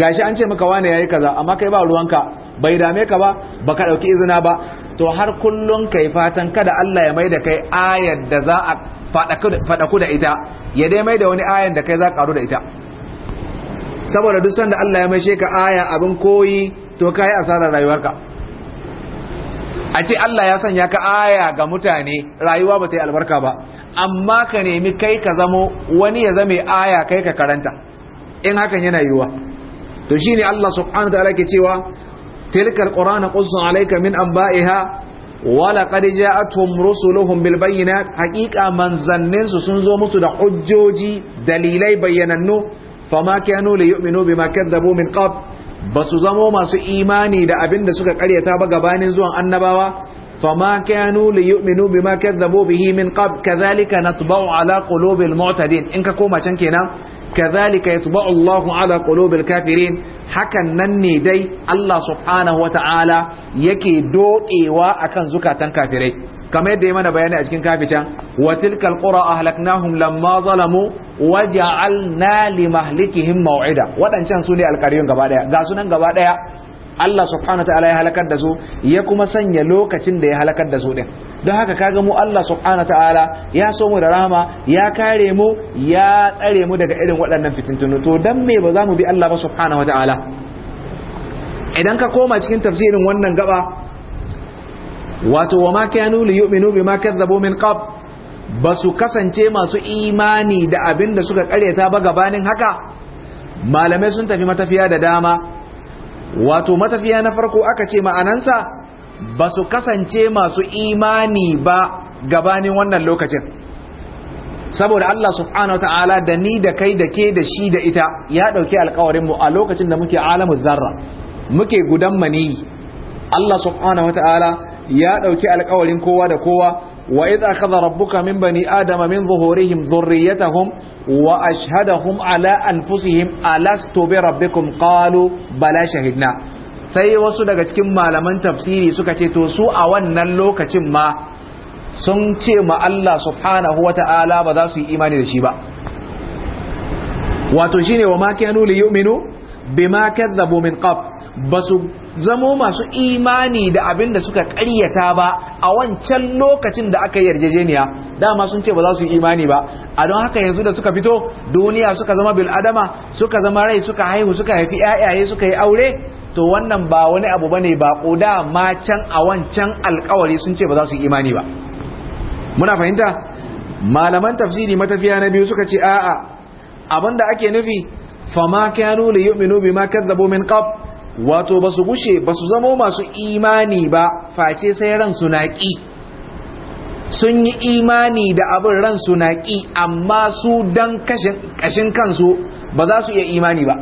gashi an ce maka wane yayi kaza amma kai ba ruwanka bai dame ka ba baka dauki izina ba to har kullun kai fatan kada Allah ya maida kai ayar da za a ku da ita ya dai maida wani ayar da kai za karu da ita saboda duk sanda Allah ya mai ka aya abin koyi to kai asarar rayuwarka a ce Allah ya sanya ka aya ga mutane rayuwa ba ta yi albarka ba amma ka nemi kai ka zamo wani ya zame aya kai ka karanta in hakan yana yiwuwa to shine Allah subhanahu ta'ala ke cewa tilkar alqur'ana qussu alayka min anba'iha wa laqad ja'atuhum rusuluhum bil bayyinat haqiqa manzannin su sun zo musu da hujjoji dalilai bayyanannu fama kanu li yu'minu bima kadzabu min qabl ba su zamo masu imani da abin da suka karyata ba gabanin zuwan annabawa fama kanu li yu'minu bima kadzabu bihi min qab kadhalika natba'u ala qulubil mu'tadin in ka koma can kenan kadhalika yatba'u Allah ala qulubil kafirin hakan nan ne dai Allah subhanahu wata'ala yake dodewa akan zukatan kafirai kamar yadda ya mana bayani a cikin kafican wa tilkal qura ahlaknahum lamma zalamu waja'alna li mahlikihim maw'ida wadancan su ne alƙaryun gaba daya ga sunan gaba daya Allah subhanahu ta'ala ya halakar da su ya kuma sanya lokacin da ya halakar da su din don haka kaga mu Allah subhanahu ta'ala ya so mu da rahama ya kare mu ya tsare mu daga irin waɗannan fitintunu to dan me ba za mu bi Allah ba subhanahu ta'ala idan ka koma cikin tafsirin wannan gaba wato wa ma kanu li yu'minu bima kadzabu min qabl ba su kasance masu imani da abin da suka karyata ba gabanin haka malamai sun tafi matafiya da dama wato matafiya na farko aka ce ma'anansa ba su kasance masu imani ba gabanin wannan lokacin saboda Allah subhanahu wa ta'ala da ni da kai da ke da shi da ita ya ɗauki alkawarinmu a lokacin da muke alamu zarra muke gudan mani Allah subhanahu wa ta'ala ya ɗauki alkawarin kowa da kowa وإذ أخذ ربك من بني آدم من ظهورهم ذريتهم وأشهدهم على أنفسهم ألست بربكم قالوا بلى شهدنا sai wasu daga cikin malaman tafsiri suka ce to su a wannan lokacin ma sun ce ma Allah subhanahu wa ta'ala ba za su yi imani da shi ba wato shine wa ma kanu li yu'minu bima kadzabu min qab basu zamo masu imani da abin da suka ƙaryata ba a wancan lokacin da aka yi yarjejeniya dama sun ce ba za su yi imani ba a don haka yanzu da suka fito duniya suka zama bil adama suka zama rai suka haihu suka haifi 'ya'yaye suka yi aure to wannan ba wani abu bane ba koda ma can a wancan alkawari sun ce ba za su yi imani ba muna fahimta malaman tafsiri matafiya na biyu suka ce a'a abinda ake nufi fa ma kanu li yu'minu bima kadzabu min qab wato ba su gushe ba su zamo masu imani ba face sai ran su naƙi sun yi imani da abin ran su naƙi amma su dan kashin kansu ba za su iya imani ba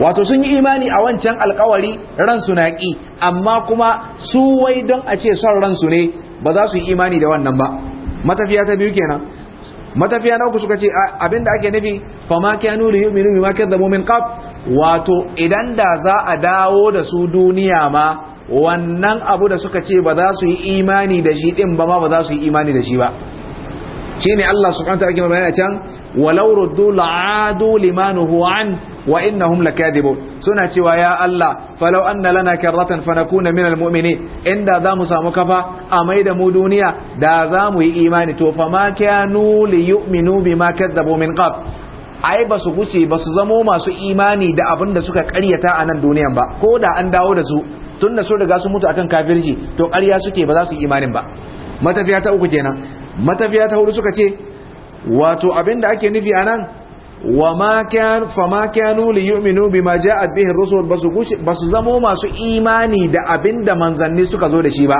wato sun yi imani a wancan alkawari ran su naƙi amma kuma su wai don a ce son ransu ne ba za su yi imani da wannan ba matafiya ta biyu kenan matafiya na uku suka ce abinda ake nufi fama kanu da yu'minu bima da min kaf wato idan da za a dawo da su duniya ma wannan abu da suka ce ba za su yi imani da shi din ba ma ba za su yi imani da shi ba ne Allah subhanahu wa ta'ala ke can walau ruddu la'adu limanuhu an wa innahum lakadibun suna cewa ya Allah falau anna lana karratan fanakuna minal mu'minin inda zamu samu kafa a mai da mu duniya da mu yi imani to fa ma kanu liyu'minu bima kadzabu min qab ai ba su wuce ba su zamo masu imani da abin da suka karyata a nan duniyan ba ko da an dawo da su tun da su riga sun mutu akan kafirci to karya suke ba za su yi imanin ba matafiya ta uku kenan matafiya ta hudu suka ce wato abin da ake nufi a nan wa ma kan fa ma kanu li yu'minu bima ja'at bihi ar-rusul ba su zamo masu imani da abin da manzanni suka zo da shi ba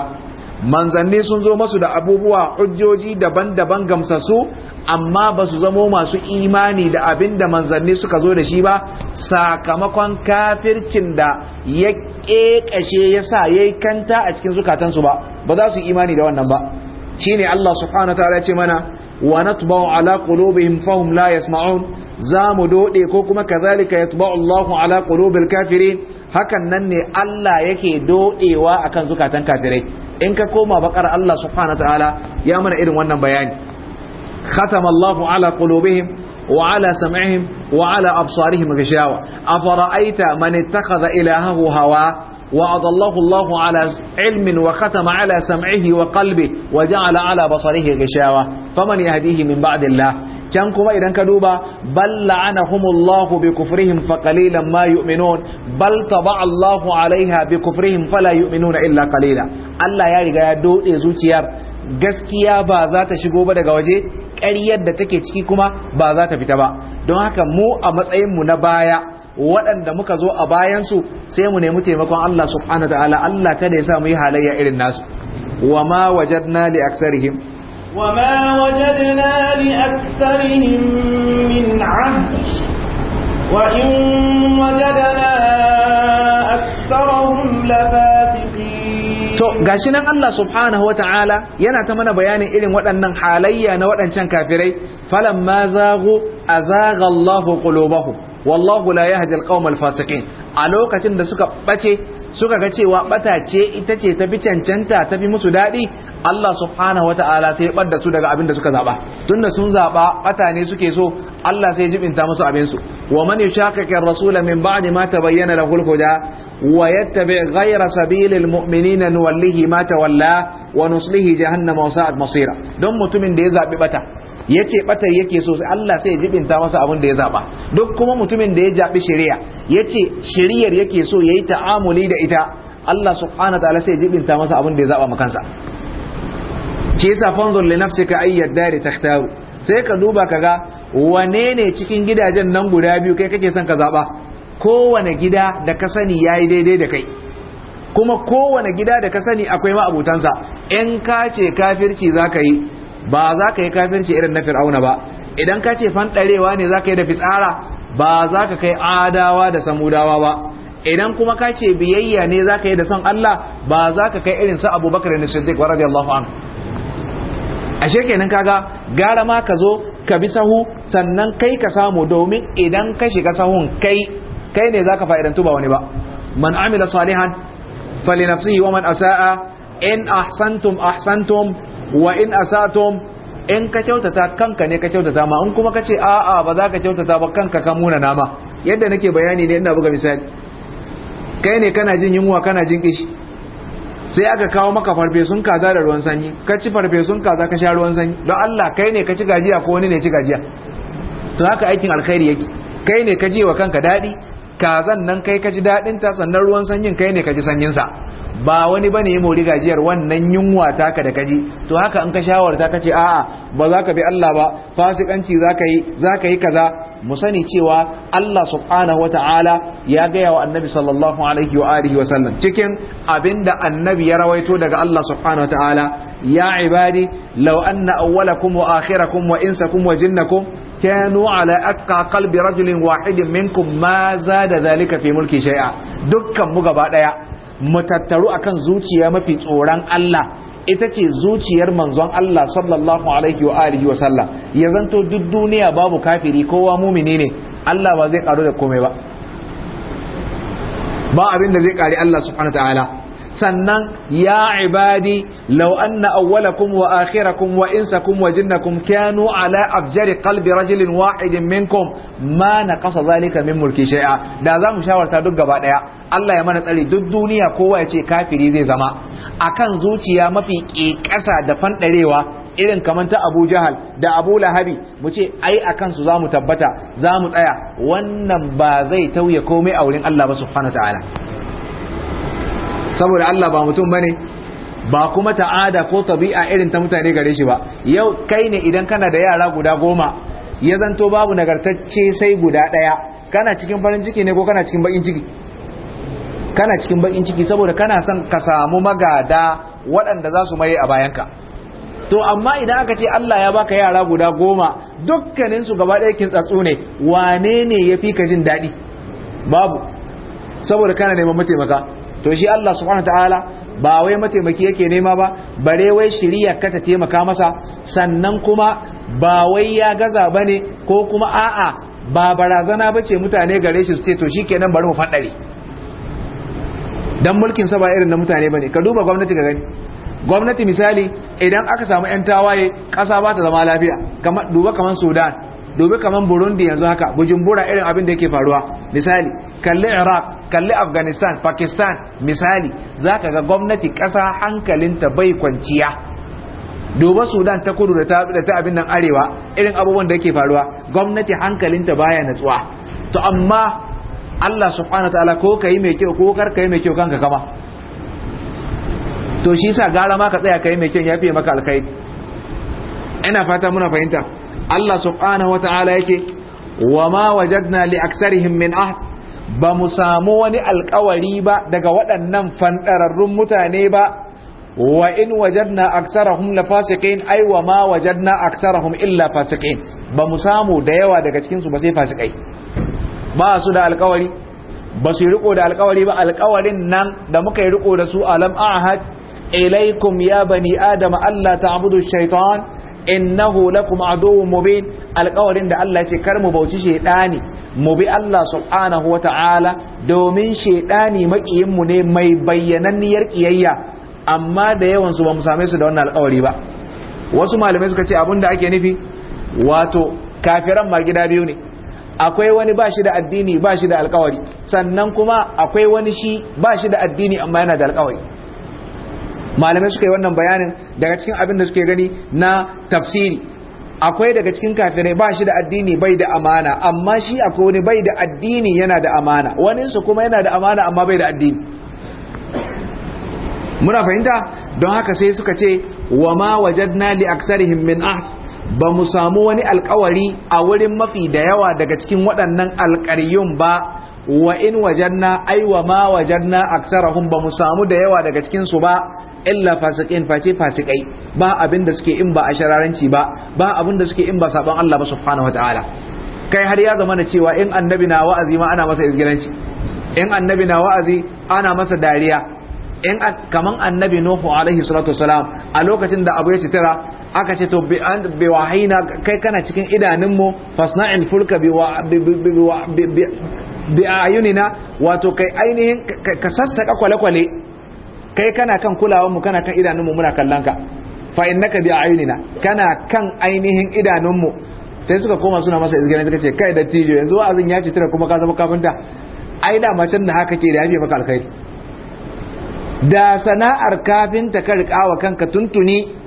manzanni sun zo masu da abubuwa hujjoji daban-daban gamsasu amma ba su zamo masu imani da abin da manzanni suka zo da shi ba sakamakon kafircin da ya ƙeƙashe ya sa ya yi kanta a cikin zukatansu ba ba za su yi imani da wannan ba Shi ne Allah subhanahu ta'ala ce mana wa natba'u ala qulubihim fahum la yasma'un za mu dode ko kuma kazalika yatba'u Allahu ala qulubil kafirin hakan nan ne Allah yake dodewa akan zukatan kafirai in ka koma bakar Allah subhanahu ta'ala ya mana irin wannan bayani khatama Allah ala kulubihim wa ala sam'ihim wa ala absarihim ghishawa afara'aita man ittakhadha ilahahu hawa wa adallahu Allah ala ilmin wa khatama ala sam'ihi wa qalbi wa ja'ala ala basarihi ghishawa faman yahdihi min ba'dillah can kuma idan ka duba bal la'anahumullahu bi kufrihim fa qalilan ma yu'minun bal taba Allahu alaiha bi kufrihim fala yu'minuna illa qalila Allah ya riga ya dode zuciyar gaskiya ba za ta shigo ba daga waje ƙaryar da take ciki kuma ba za ta fita ba don haka mu a matsayin mu na baya waɗanda muka zo a bayansu sai mu nemi taimakon Allah subhanahu wa ta'ala Allah kada ya sa mu yi halayya irin nasu wa ma wajadna li him. وما وجدنا لأكثرهم من عهد وإن وجدنا أكثرهم لفاسقين to gashi nan Allah subhanahu wata'ala yana ta mana bayanin irin waɗannan halayya na waɗancan kafirai falamma zagu azaga Allahu qulubahum wallahu la yahdi alqawmal a lokacin da suka ɓace suka ga cewa ɓatace ita ce ta fi cancanta ta fi musu daɗi Allah subhanahu ta'ala sai ya bar su daga abin da suka zaba tunda sun zaba atane suke so Allah sai ya jibinta musu abin su wa man yushaqiqi ar-rasul min ba'di ma tabayyana lahu al-huda wa yattabi' ghayra sabili al-mu'minina nuwallihi ma tawalla wa nuslihi jahannama wa sa'at masira don mutumin da ya zabi bata yace bata yake so sai Allah sai ya jibinta masa abin da ya zaba duk kuma mutumin da ya jabi shari'a yace shari'ar yake so yayi ta'amuli da ita Allah subhanahu wa ta'ala sai ya jibinta masa abin da ya zaba makansa shi yasa fanzur li nafsika ayyad dari tahtaru sai ka duba kaga wane ne cikin gidajen nan guda biyu kai kake son ka zaba kowane gida da ka sani yayi daidai da kai kuma kowane gida da ka sani akwai abutansa in ka ce kafirci za ka yi ba za ka yi kafirci irin na fir'auna ba idan ka ce fanɗarewa ne za ka yi da fitsara ba za ka kai adawa da samudawa ba idan kuma ka ce biyayya ne za ka yi da son Allah ba za ka kai irin su abubakar da siddiq wa radiyallahu anhu ashe kenan kaga gara ma ka zo ka bi sahu sannan kai ka samu domin idan ka shiga sahun kai kai ne zaka fa'idantu ba wani ba man amila salihan fali nafsihi wa man asaa in ahsantum ahsantum wa in asatum in ka kyautata kanka ne ka kyautata ma in kuma ka ce a'a ba za ka kyautata ba kanka ka muna nama yadda nake bayani ne ina buga misali kai ne kana jin yunwa kana jin kishi sai aka kawo maka farfesun kaza da ruwan sanyi ka ci farfesun kaza ka sha ruwan sanyi don Allah kai ne ka ci gajiya ko wani ne ci gajiya to haka aikin alkhairi yake kai ne ka je wa kanka daɗi kazan nan kai ka ji daɗin ta sannan ruwan sanyin kai ne ka ji sanyin sa ba wani bane ya mori gajiyar wannan yunwa taka da kaji to haka an ka shawarta ka ce a'a ba za ka bi Allah ba fasikanci za ka yi za ka yi kaza mu sani cewa Allah subhanahu wata'ala ya gaya wa annabi sallallahu alaihi wa alihi wa sallam cikin abinda annabi ya rawaito daga Allah subhanahu wata'ala ya ibadi law anna awwalakum wa akhirakum wa insakum wa jinnakum ala على أتقى rajulin wahidin واحد منكم ما زاد ذلك mulki ملكي شيئا دكا مغبا ديا متترو أكن akan zuciya mafi توران Allah ita ce zuciyar manzon Allah sallallahu alaihi wa alihi wa sallam ya zanto duk duniya babu kafiri kowa mumini ne Allah ba zai karu da komai ba ba abin da zai kari Allah subhanahu ta'ala sannan ya ibadi law anna awwalakum wa akhirakum wa insakum wa jinnakum kanu ala afjari qalbi rajulin wahidin minkum ma naqasa zalika min mulki shay'a da za mu shawarta duk gaba daya Allah ya mana tsari duk duniya kowa ya ce kafiri zai zama akan zuciya mafi ƙasa da fanɗarewa irin kamar ta Abu Jahal da Abu Lahabi mu ce ai a kansu su zamu tabbata zamu tsaya wannan ba zai tauye komai a wurin Allah ba subhanahu ta'ala saboda Allah ba mutum bane ba kuma ta'ada ko tabi'a irin ta mutane gare shi ba yau kai ne idan kana da yara guda goma ya zanto babu nagartacce sai guda ɗaya kana cikin farin ciki ne ko kana cikin bakin ciki kana cikin bakin ciki saboda kana son ka samu magada waɗanda za su maye a bayanka to amma idan aka ce Allah ya baka yara guda goma dukkanin su gaba ɗaya kintsatsu ne wane ne ya fi ka jin daɗi babu saboda kana neman mataimaka to shi Allah subhanahu ta'ala ba wai mataimaki yake nema ba bare wai shiriyar ka ta taimaka masa sannan kuma ba wai ya gaza bane ko kuma a'a ba barazana bace mutane gare shi su ce to shikenan bari mu faɗare dan mulkin sa ba irin na mutane bane ka duba gwamnati ka gani gwamnati misali idan aka samu yan tawaye kasa ba ta zama lafiya kamar duba kamar Sudan duba kamar Burundi yanzu haka bujumbura irin abin da yake faruwa misali kalli Iraq kalli Afghanistan Pakistan misali zaka ga gwamnati kasa hankalinta bai kwanciya duba sudan ta kudu da ta abin nan arewa irin abubuwan da yake faruwa gwamnati hankalinta baya natsuwa to amma Allah subhanahu wataala ko kai mai kyau ko kar kai mai kyau kanka kama to shi yasa gara ma ka tsaya kai mai kyau yafi maka alkhairi ina fata muna fahimta Allah subhanahu wataala yake wa ma wajadna li aksarihim min ahd ba mu samu wani alkawari ba daga waɗannan fanɗararrun mutane ba wa in wajadna aksarahum la fasiqin ai wa ma wajadna aksarahum illa fasiqin ba mu samu da yawa daga cikin su ba sai fasikai ba su da alkawari ba su riko da alkawari ba alkawarin nan da muka yi riko da su alam ahad ilaikum ya bani adama Allah ta'budu shaitan innahu lakum aduwwun mubin alkawarin da Allah ce kar mu bauci shaitani mu bi Allah subhanahu wata'ala domin shaitani makiyin mu ne mai bayyananniyar kiyayya amma da yawan su ba mu same su da wannan alkawari ba wasu malamai suka ce abinda ake nufi wato kafiran ma gida biyu ne akwai wani ba shi da addini ba shi da alkawari sannan kuma akwai wani shi ba shi da addini amma yana da alkawari malamai suka yi wannan bayanin daga cikin abin da suke gani na tafsiri akwai daga cikin kafirai ba shi da addini bai da amana amma shi akwai wani bai da addini yana da amana wani su kuma yana da amana amma bai da addini muna fahimta don haka sai suka ce wa ma wajadna li aksarihim min ahd ba mu samu wani alkawari a wurin mafi da yawa daga cikin waɗannan alkaryun ba wa in wajanna ai wa ma wajanna aksarahum ba mu samu da yawa daga cikin su ba illa fasiqin face fasikai ba abin da suke in ba a shararanci ba ba abin da suke in ba sabon Allah ba subhanahu wataala kai har ya zama na cewa in annabi na wa'azi ma ana masa izgiranci in annabi na wa'azi ana masa dariya in kaman annabi nuhu alaihi salatu wasalam a lokacin da abu ya citira aka ce to bi wahina kai kana cikin idanunmu fasna'il fulka bi bi ayunina wato kai ainihin ka sassaka kwale-kwale kai kana kan mu kana kan mu muna kallon ka fa innaka bi ayunina kana kan ainihin idanunmu sai suka koma suna masa izgirin suka ce kai da tijo yanzu wa'azin ya ci tira kuma ka zama kafinta ai da macen da haka ke da yafe maka alkhairi da sana'ar kafinta ka riƙawa kanka tuntuni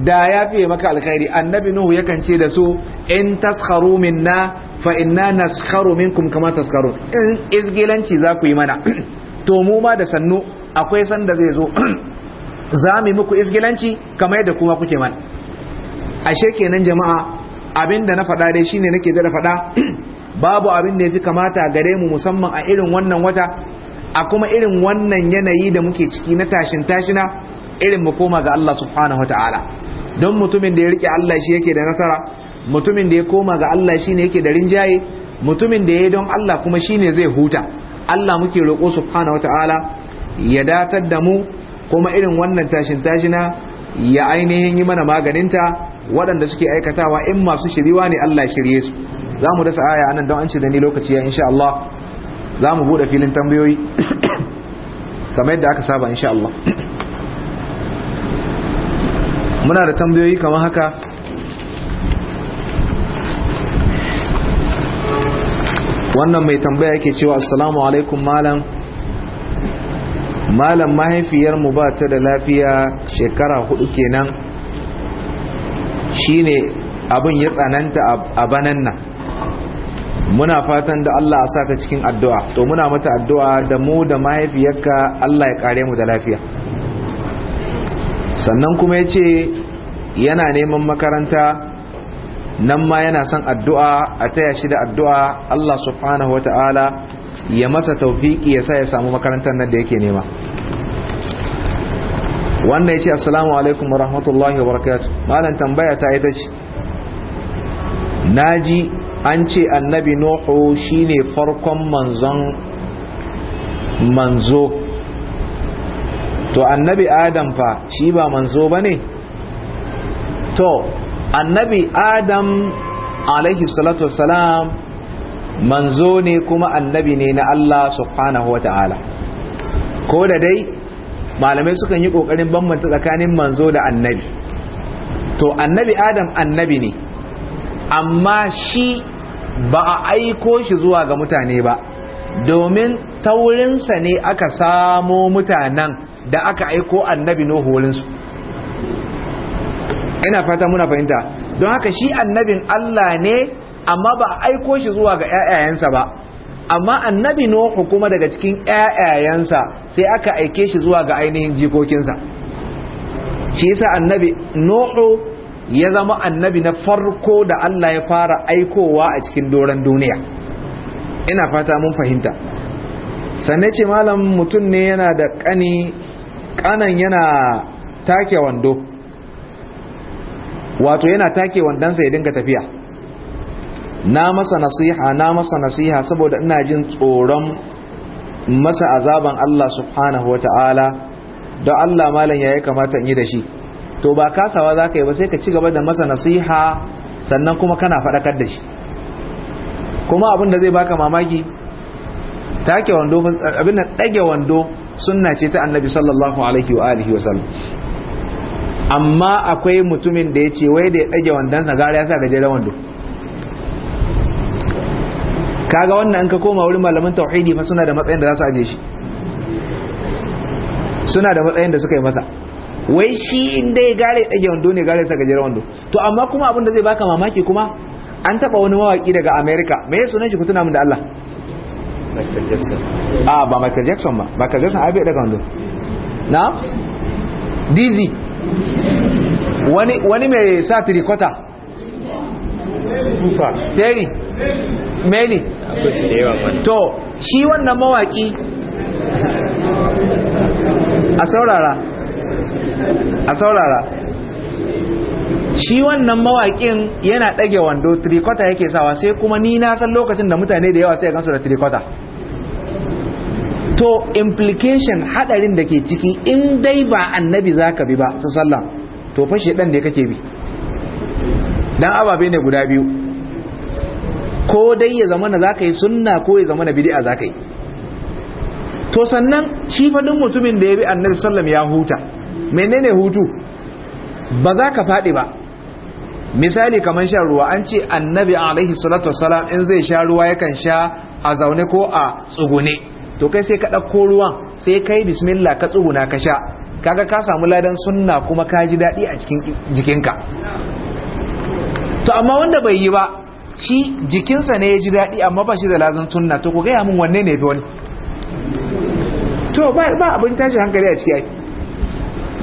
da ya fiye maka alkhairi annabi nuhu yakan ce da su in taskharu minna fa inna naskharu minkum kama taskharun in izgilanci za ku yi mana [CLEARS THROAT] to mu ma da sannu akwai sanda zai zo [CLEARS THROAT] za mu yi muku izgilanci kamar yadda kuma kuke mana ashe kenan jama'a abin da na faɗa dai shine nake da faɗa [CLEARS THROAT] babu abin da ya fi kamata gare mu musamman a irin wannan wata a kuma irin wannan yanayi da muke ciki na tashin tashina irin mu koma ga Allah subhanahu wa ta'ala don mutumin da ya rike Allah shi yake da nasara mutumin da ya koma ga Allah shi ne yake da rinjaye mutumin da ya yi don Allah kuma shi ne zai huta Allah muke roƙo wa wata'ala ya datar da mu kuma irin wannan tashin tashina ya ainihin yi mana maganinta waɗanda suke aikatawa in masu shiriwa ne Allah shirye su za mu dasa aya anan don an ci da ni lokaci ya insha Allah za mu buɗe filin tambayoyi [COUGHS] kamar yadda aka saba insha muna da tambayoyi kamar haka wannan mai tambaya yake cewa assalamu alaikum malam malam mahaifiyarmu ba ta da lafiya shekara hudu kenan shine abin ya tsananta a banan nan muna fatan da Allah a saka cikin addu'a to muna mata addu'a da mu da mahaifiyarka Allah ya kare mu da lafiya sannan kuma ya ce yana neman makaranta nan ma yana son addu'a a taya shi da addu'a Allah subhanahu wata'ala ya masa taufiki ya sa ya samu makarantar nan da yake nema wannan ya ce assalamu alaikum wa rahmatullahi wa barakatu malam tambaya ta ita ce Na ji an ce annabi nuhu shine farkon manzon manzo to annabi adam fa shi ba manzo ba ne to annabi adam alaihi salatu wassalam manzo ne kuma annabi ne na Allah subhanahu wa ta'ala ko da dai malamai sukan yi kokarin bambanta tsakanin manzo da annabi to annabi adam annabi ne amma shi ba a aiko shi zuwa ga mutane ba domin taurinsa ne aka samo mutanen da aka aiko annabi nuhu wurinsu ina fata muna fahimta don haka shi annabin Allah ne amma ba a aiko shi zuwa ga ƴaƴayensa ba amma annabi nuhu kuma daga cikin ƴaƴayensa sai aka aike shi zuwa ga ainihin jikokinsa shi yasa annabi nuhu ya zama annabi na farko da Allah ya fara aikowa a cikin doron duniya ina fata mun fahimta sannan ce malam mutum ne yana da ƙani kanan yana take wando wato yana take wandonsa ya dinga tafiya na masa nasiha na masa nasiha saboda ina jin tsoron masa azaban Allah subhanahu wa don Allah malam ya yi kamata in yi da shi to ba kasawa za ka yi ba sai ka ci gaba da masa nasiha sannan kuma kana faɗakar da shi kuma abin da zai baka mamaki take wando abin da ɗage wando sunna ce ta annabi sallallahu alaihi wa alihi wa sallam amma akwai mutumin da ya ce wai da ya ɗage wandonsa gara ya sa gajeren wando kaga wannan in ka koma wurin malamin tauhidi fa suna da matsayin da za su aje shi suna da matsayin da suka yi masa wai shi in dai gare ɗage wando ne gare sa gajeren wando to amma kuma abin da zai baka mamaki kuma an taɓa wani mawaƙi daga america me ya sunan shi ku tuna da allah Jackson ah ba Michael Jackson ba Michael Jackson ai bai daga na Dizzy wani wani mai sa tirikota Tupac Terry Meni. to shi wannan mawaki a saurara a saurara shi wannan mawaƙin yana ɗage wando tricota yake sawa sai kuma ni na san lokacin da mutane da yawa sai gansu da tirikota. to implication hadarin da ke ciki in dai ba annabi zaka bi ba su to fashe ɗan ne kake bi dan ababe ne guda biyu ko dai ya zama na zaka yi sunna ko ya zama na bid'a zaka yi to sannan shi fadin mutumin da ya bi annabi sallam ya huta menene hutu ba za ka faɗi ba misali kamar shan ruwa an ce annabi alaihi salatu wasalam in zai sha ruwa yakan sha a zaune ko a tsugune to kai sai ka ɗauko ruwan sai kai bismillah ka tsuguna ka sha kaga ka samu ladan sunna kuma ka ji daɗi a cikin jikinka to amma wanda bai yi ba shi jikinsa ne ya ji daɗi amma ba shi da ladan sunna to ku gaya min wanne ne fi wani to ba abin tashi hankali a ciki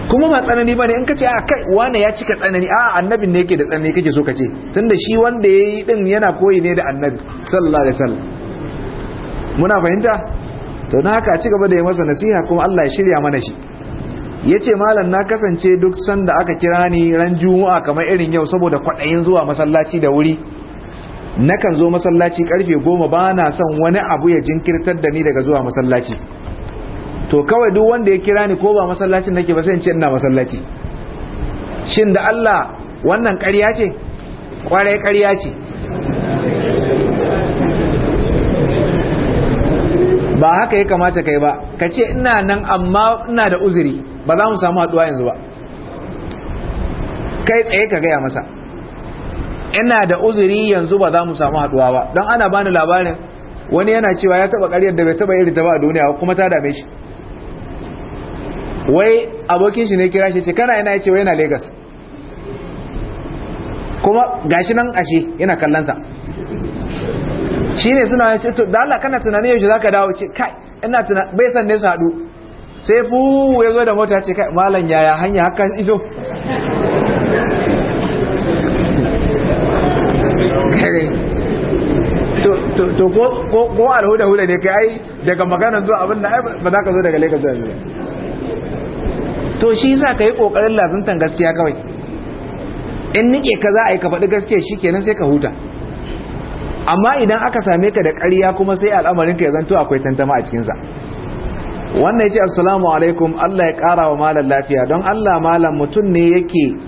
kuma ba tsanani bane in kace a kai wane ya cika tsanani a annabin ne yake da tsanani kake so kace tunda shi wanda yayi din yana koyi ne da annabi sallallahu alaihi wasallam muna fahimta to na haka ci gaba da yi masa nasiha kuma Allah ya shirya mana shi yace malam na kasance duk sanda aka kira ni ran juma'a kamar irin yau saboda kwadayin zuwa masallaci da wuri nakan zo masallaci karfe goma ba na son wani abu ya jinkirtar da ni daga zuwa masallaci to kawai duk wanda ya kira ni ko ba masallacin nake ba sai in ce ina masallaci shin da Allah wannan ƙarya ce ƙwarai ƙarya ce ba haka ya kamata kai ba ka ce ina nan amma ina da uzuri ba za mu samu haɗuwa yanzu ba kai tsaye ka gaya masa ina da uzuri yanzu ba za mu samu haɗuwa ba don ana bani labarin wani yana cewa ya taɓa ƙaryar da bai taɓa irin ta ba a duniya kuma ta dame shi wai abokin shi ne kira shi ce kana yana ce wai yana Lagos kuma gashi nan ashe yana kallon sa ne suna ce to da Allah kana tunanin yaushe zaka dawo ce kai ina tunan bai san ne su hadu sai fu ya zo da mota ce kai malam yaya hanya haka iso [LAUGHS] to ko alhuda hula ne kai daga maganar zuwa abin da ba za ka zo daga lagos zuwa to shi za ka yi ƙoƙarin lazuntan gaskiya kawai in nike ka za a yi ka faɗi gaskiya shi kenan sai ka huta amma idan aka same ka da ƙarya kuma sai al'amarin ka ya zanto akwai tantama a cikinsa wannan ya ce assalamu alaikum Allah ya ƙara wa malam lafiya don Allah malam mutum ne yake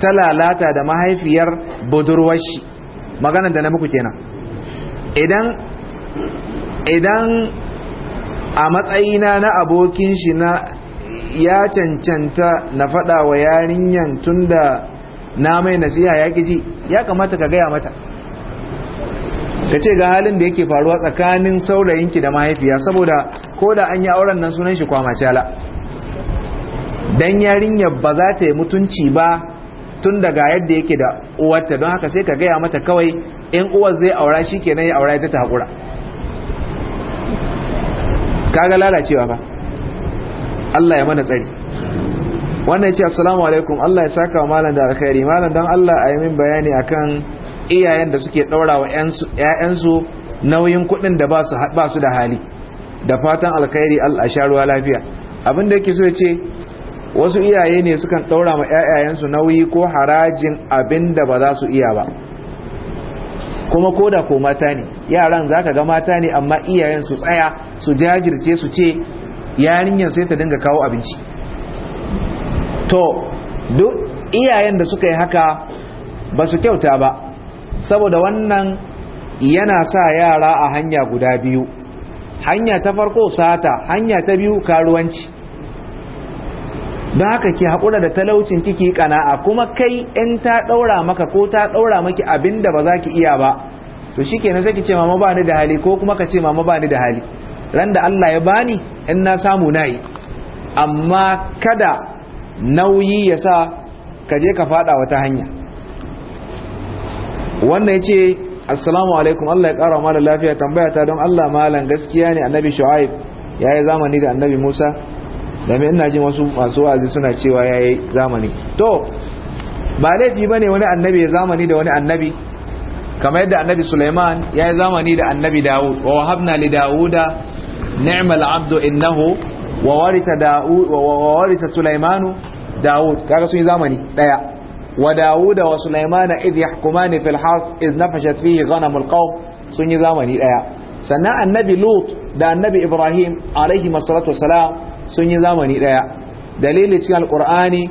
ta lalata da mahaifiyar budurwar shi maganar da na muku kenan idan idan a matsayina na abokin shi na ya cancanta na faɗa wa yarinyan da na mai nasiha ya ji ya kamata ka gaya mata ka ce ga halin da yake faruwa tsakanin saurayinki da mahaifiya saboda ko da an yi auren nan sunan shi kwamacala dan yarinyar ba za ta yi mutunci ba tun daga yadda yake da uwarta don haka sai ka gaya mata kawai in uwar zai aura shi kenan ya aura ya ta haƙura ga lalacewa ba Allah ya mana tsari wannan ya ce assalamu alaikum Allah ya saka wa malam da alkhairi malam dan Allah a yi min bayani akan iyayen da suke daura wa ƴaƴansu nauyin kuɗin da ba su da hali da fatan alkhairi Allah sha ruwa lafiya abin da yake so ya ce wasu iyaye ne sukan daura ma ƴaƴayensu nauyi ko harajin abin da ba za su iya ba kuma koda ko mata ne yaran zaka ga mata ne amma iyayen su tsaya su jajirce su ce yarinyar sai ta dinga kawo abinci to duk iyayen da suka yi haka ba su kyauta ba saboda wannan yana sa yara a hanya guda biyu hanya ta farko sata hanya ta biyu karuwanci don haka ki haƙura da talaucin kiki kana'a kuma kai in ta ɗaura maka ko ta ɗaura maki abinda ba za ki iya ba to shi kenan zai zaki ce mama ba da hali ko kuma ka ce mama ba da hali ran da Allah ya bani in na samu nayi amma kada nauyi ya sa ka je ka fada wata hanya wannan yace assalamu alaikum Allah ya kara mala lafiya tambaya ta don Allah malan gaskiya ne annabi shu'aib yayi zamani da annabi Musa da ina jin wasu masu wa'azi suna cewa yayi zamani to ba laifi bane wani annabi ya zamani da wani annabi kamar yadda annabi Sulaiman yayi zamani da annabi Dawud wa wahabna li Dawuda ni'mal abdu innahu wa warisa da'ud wa warisa sulaimanu da'ud kaga sun yi zamani daya wa da'ud wa sulaimana idh yahkumani fil hars idh nafashat fihi ghanamul qawm sun yi zamani daya sannan annabi lut da annabi ibrahim alaihi masalatu wassalam sun zamani daya dalili cikin alkur'ani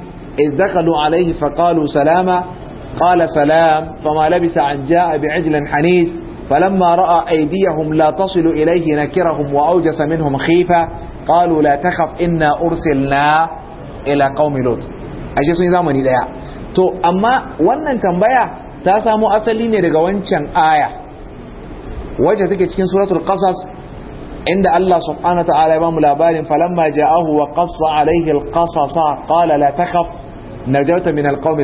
idh dakalu alaihi faqalu salama qala hanis فلما رأى أيديهم لا تصل إليه نكرهم وأوجس منهم خيفة قالوا لا تخف إنا أرسلنا إلى قوم لوط أجي سن زمني ديا تو أما wannan tambaya ta samo asali ne daga wancan aya wacce take cikin suratul qasas inda Allah subhanahu ba mu labarin falamma ja'ahu wa qassa alaihi alqasasa qala la takhaf najawta min alqawmi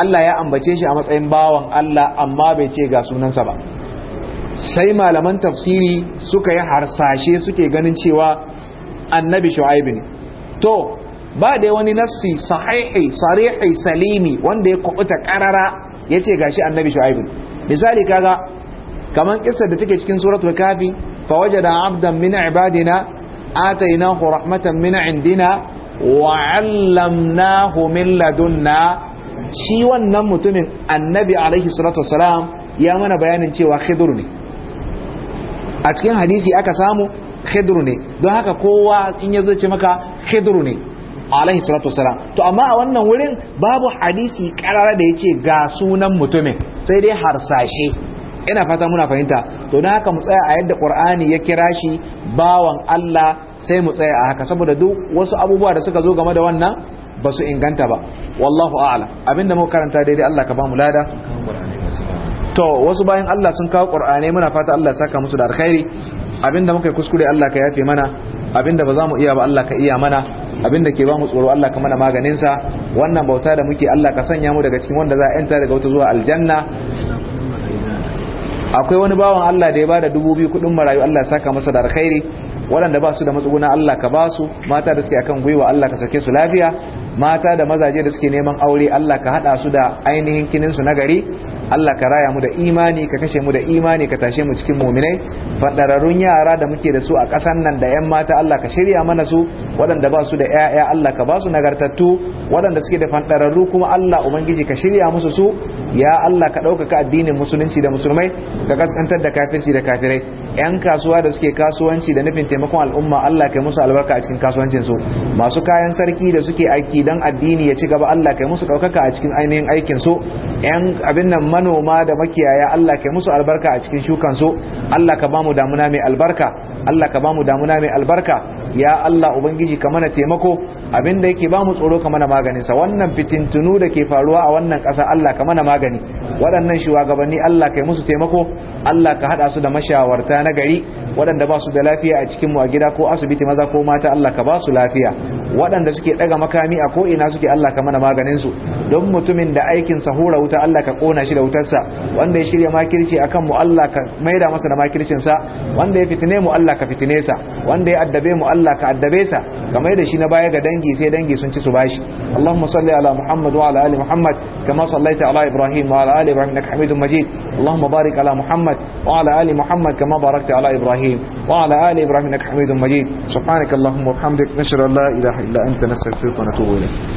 Allah ya ambace shi a matsayin bawan Allah amma bai ce ga sunansa ba sai malaman tafsiri suka yi harsashe suke ganin cewa annabi shu'aib ne to ba da wani nassi sahihi sarihi salimi wanda ya kubuta karara yace gashi annabi shu'aib misali kaga kaman kissa da take cikin suratul kafi fa wajada abdan min ibadina atainahu rahmatan min indina wa 'allamnahu min ladunna shi wannan mutumin annabi alaihi salatu wassalam ya mana bayanin cewa khidr ne a cikin hadisi aka samu khidru ne don haka kowa in ya ce maka khidru ne alaihi salatu wasalam to amma a wannan wurin babu hadisi karara da yace ga sunan mutumin sai dai harsashe ina fata muna fahimta to don haka mu tsaya a yadda qur'ani ya kira shi bawan Allah sai mu tsaya a haka saboda duk wasu abubuwa da suka zo game da wannan ba su inganta ba wallahu a'lam abinda muka karanta daidai Allah ka ba mu lada to wasu bayan Allah sun kawo qur'anai muna fata Allah ya saka musu da alkhairi abinda muka yi kuskure Allah ka yafe mana abinda ba za mu iya ba Allah ka iya mana abinda ke ba mu tsoro Allah ka mana maganin sa wannan bauta da muke Allah ka sanya mu daga cikin wanda za a yanta daga wata zuwa aljanna akwai wani bawan Allah da ya bada dubu biyu kudin marayu Allah ya saka masa da alkhairi waɗanda ba su da matsuguna Allah ka ba su mata da suke akan gwiwa Allah ka sake su lafiya mata da mazaje da suke neman aure Allah ka hada su da ainihin kinin su nagari Allah ka raya mu da imani ka kashe mu da imani ka tashe mu cikin mu'minai fadararrun yara da muke da su a ƙasan nan da yan mata Allah ka shirya mana su waɗanda ba su da ƴaƴa Allah ka ba su nagartattu waɗanda suke da fadararru kuma Allah ubangiji ka shirya musu su ya Allah ka ɗaukaka addinin musulunci da musulmai ka kaskantar da kafirci da kafirai yan kasuwa da suke kasuwanci da nufin taimakon al'umma Allah kai musu albarka a cikin kasuwancin su masu kayan sarki da suke aiki dan addini ya ci gaba Allah kai musu daukaka a cikin ainihin aikin su yan abin nan manoma da makiyaya Allah kai musu albarka a cikin shukan su Allah ka bamu damuna mai albarka Allah ka bamu damuna mai albarka ya Allah ubangiji ka mana taimako abin da yake ba mu tsoro ka mana maganin sa wannan fitintunu da ke faruwa a wannan ƙasa Allah ka mana magani waɗannan shugabanni Allah kai musu taimako Allah ka haɗa su da mashawarta na gari waɗanda ba su da lafiya a cikin mu a gida ko asibiti maza ko mata Allah ka ba su lafiya waɗanda suke daga makami a ko ina suke Allah ka mana maganin su don mutumin da aikin sa hura wuta Allah ka kona shi da wutarsa wanda ya shirya makirci akan mu Allah ka maida masa da makircin wanda ya fitine mu Allah ka fitine sa wanda ya addabe mu Allah ka addabe sa kamar da shi na baya ga dangi dangi sai dangi sun ci su bashi Allahumma salli ala Muhammad wa ala ali Muhammad kama sallaita ala Ibrahim wa ala ali Ibrahim innaka Hamidum Majid Allahumma barik ala Muhammad wa ala ali Muhammad kama barakta ala Ibrahim wa ala ali Ibrahim innaka Hamidum Majid subhanakallahumma wa bihamdik nashra la ilaha illa anta nastaghfiruka wa natubu ilayk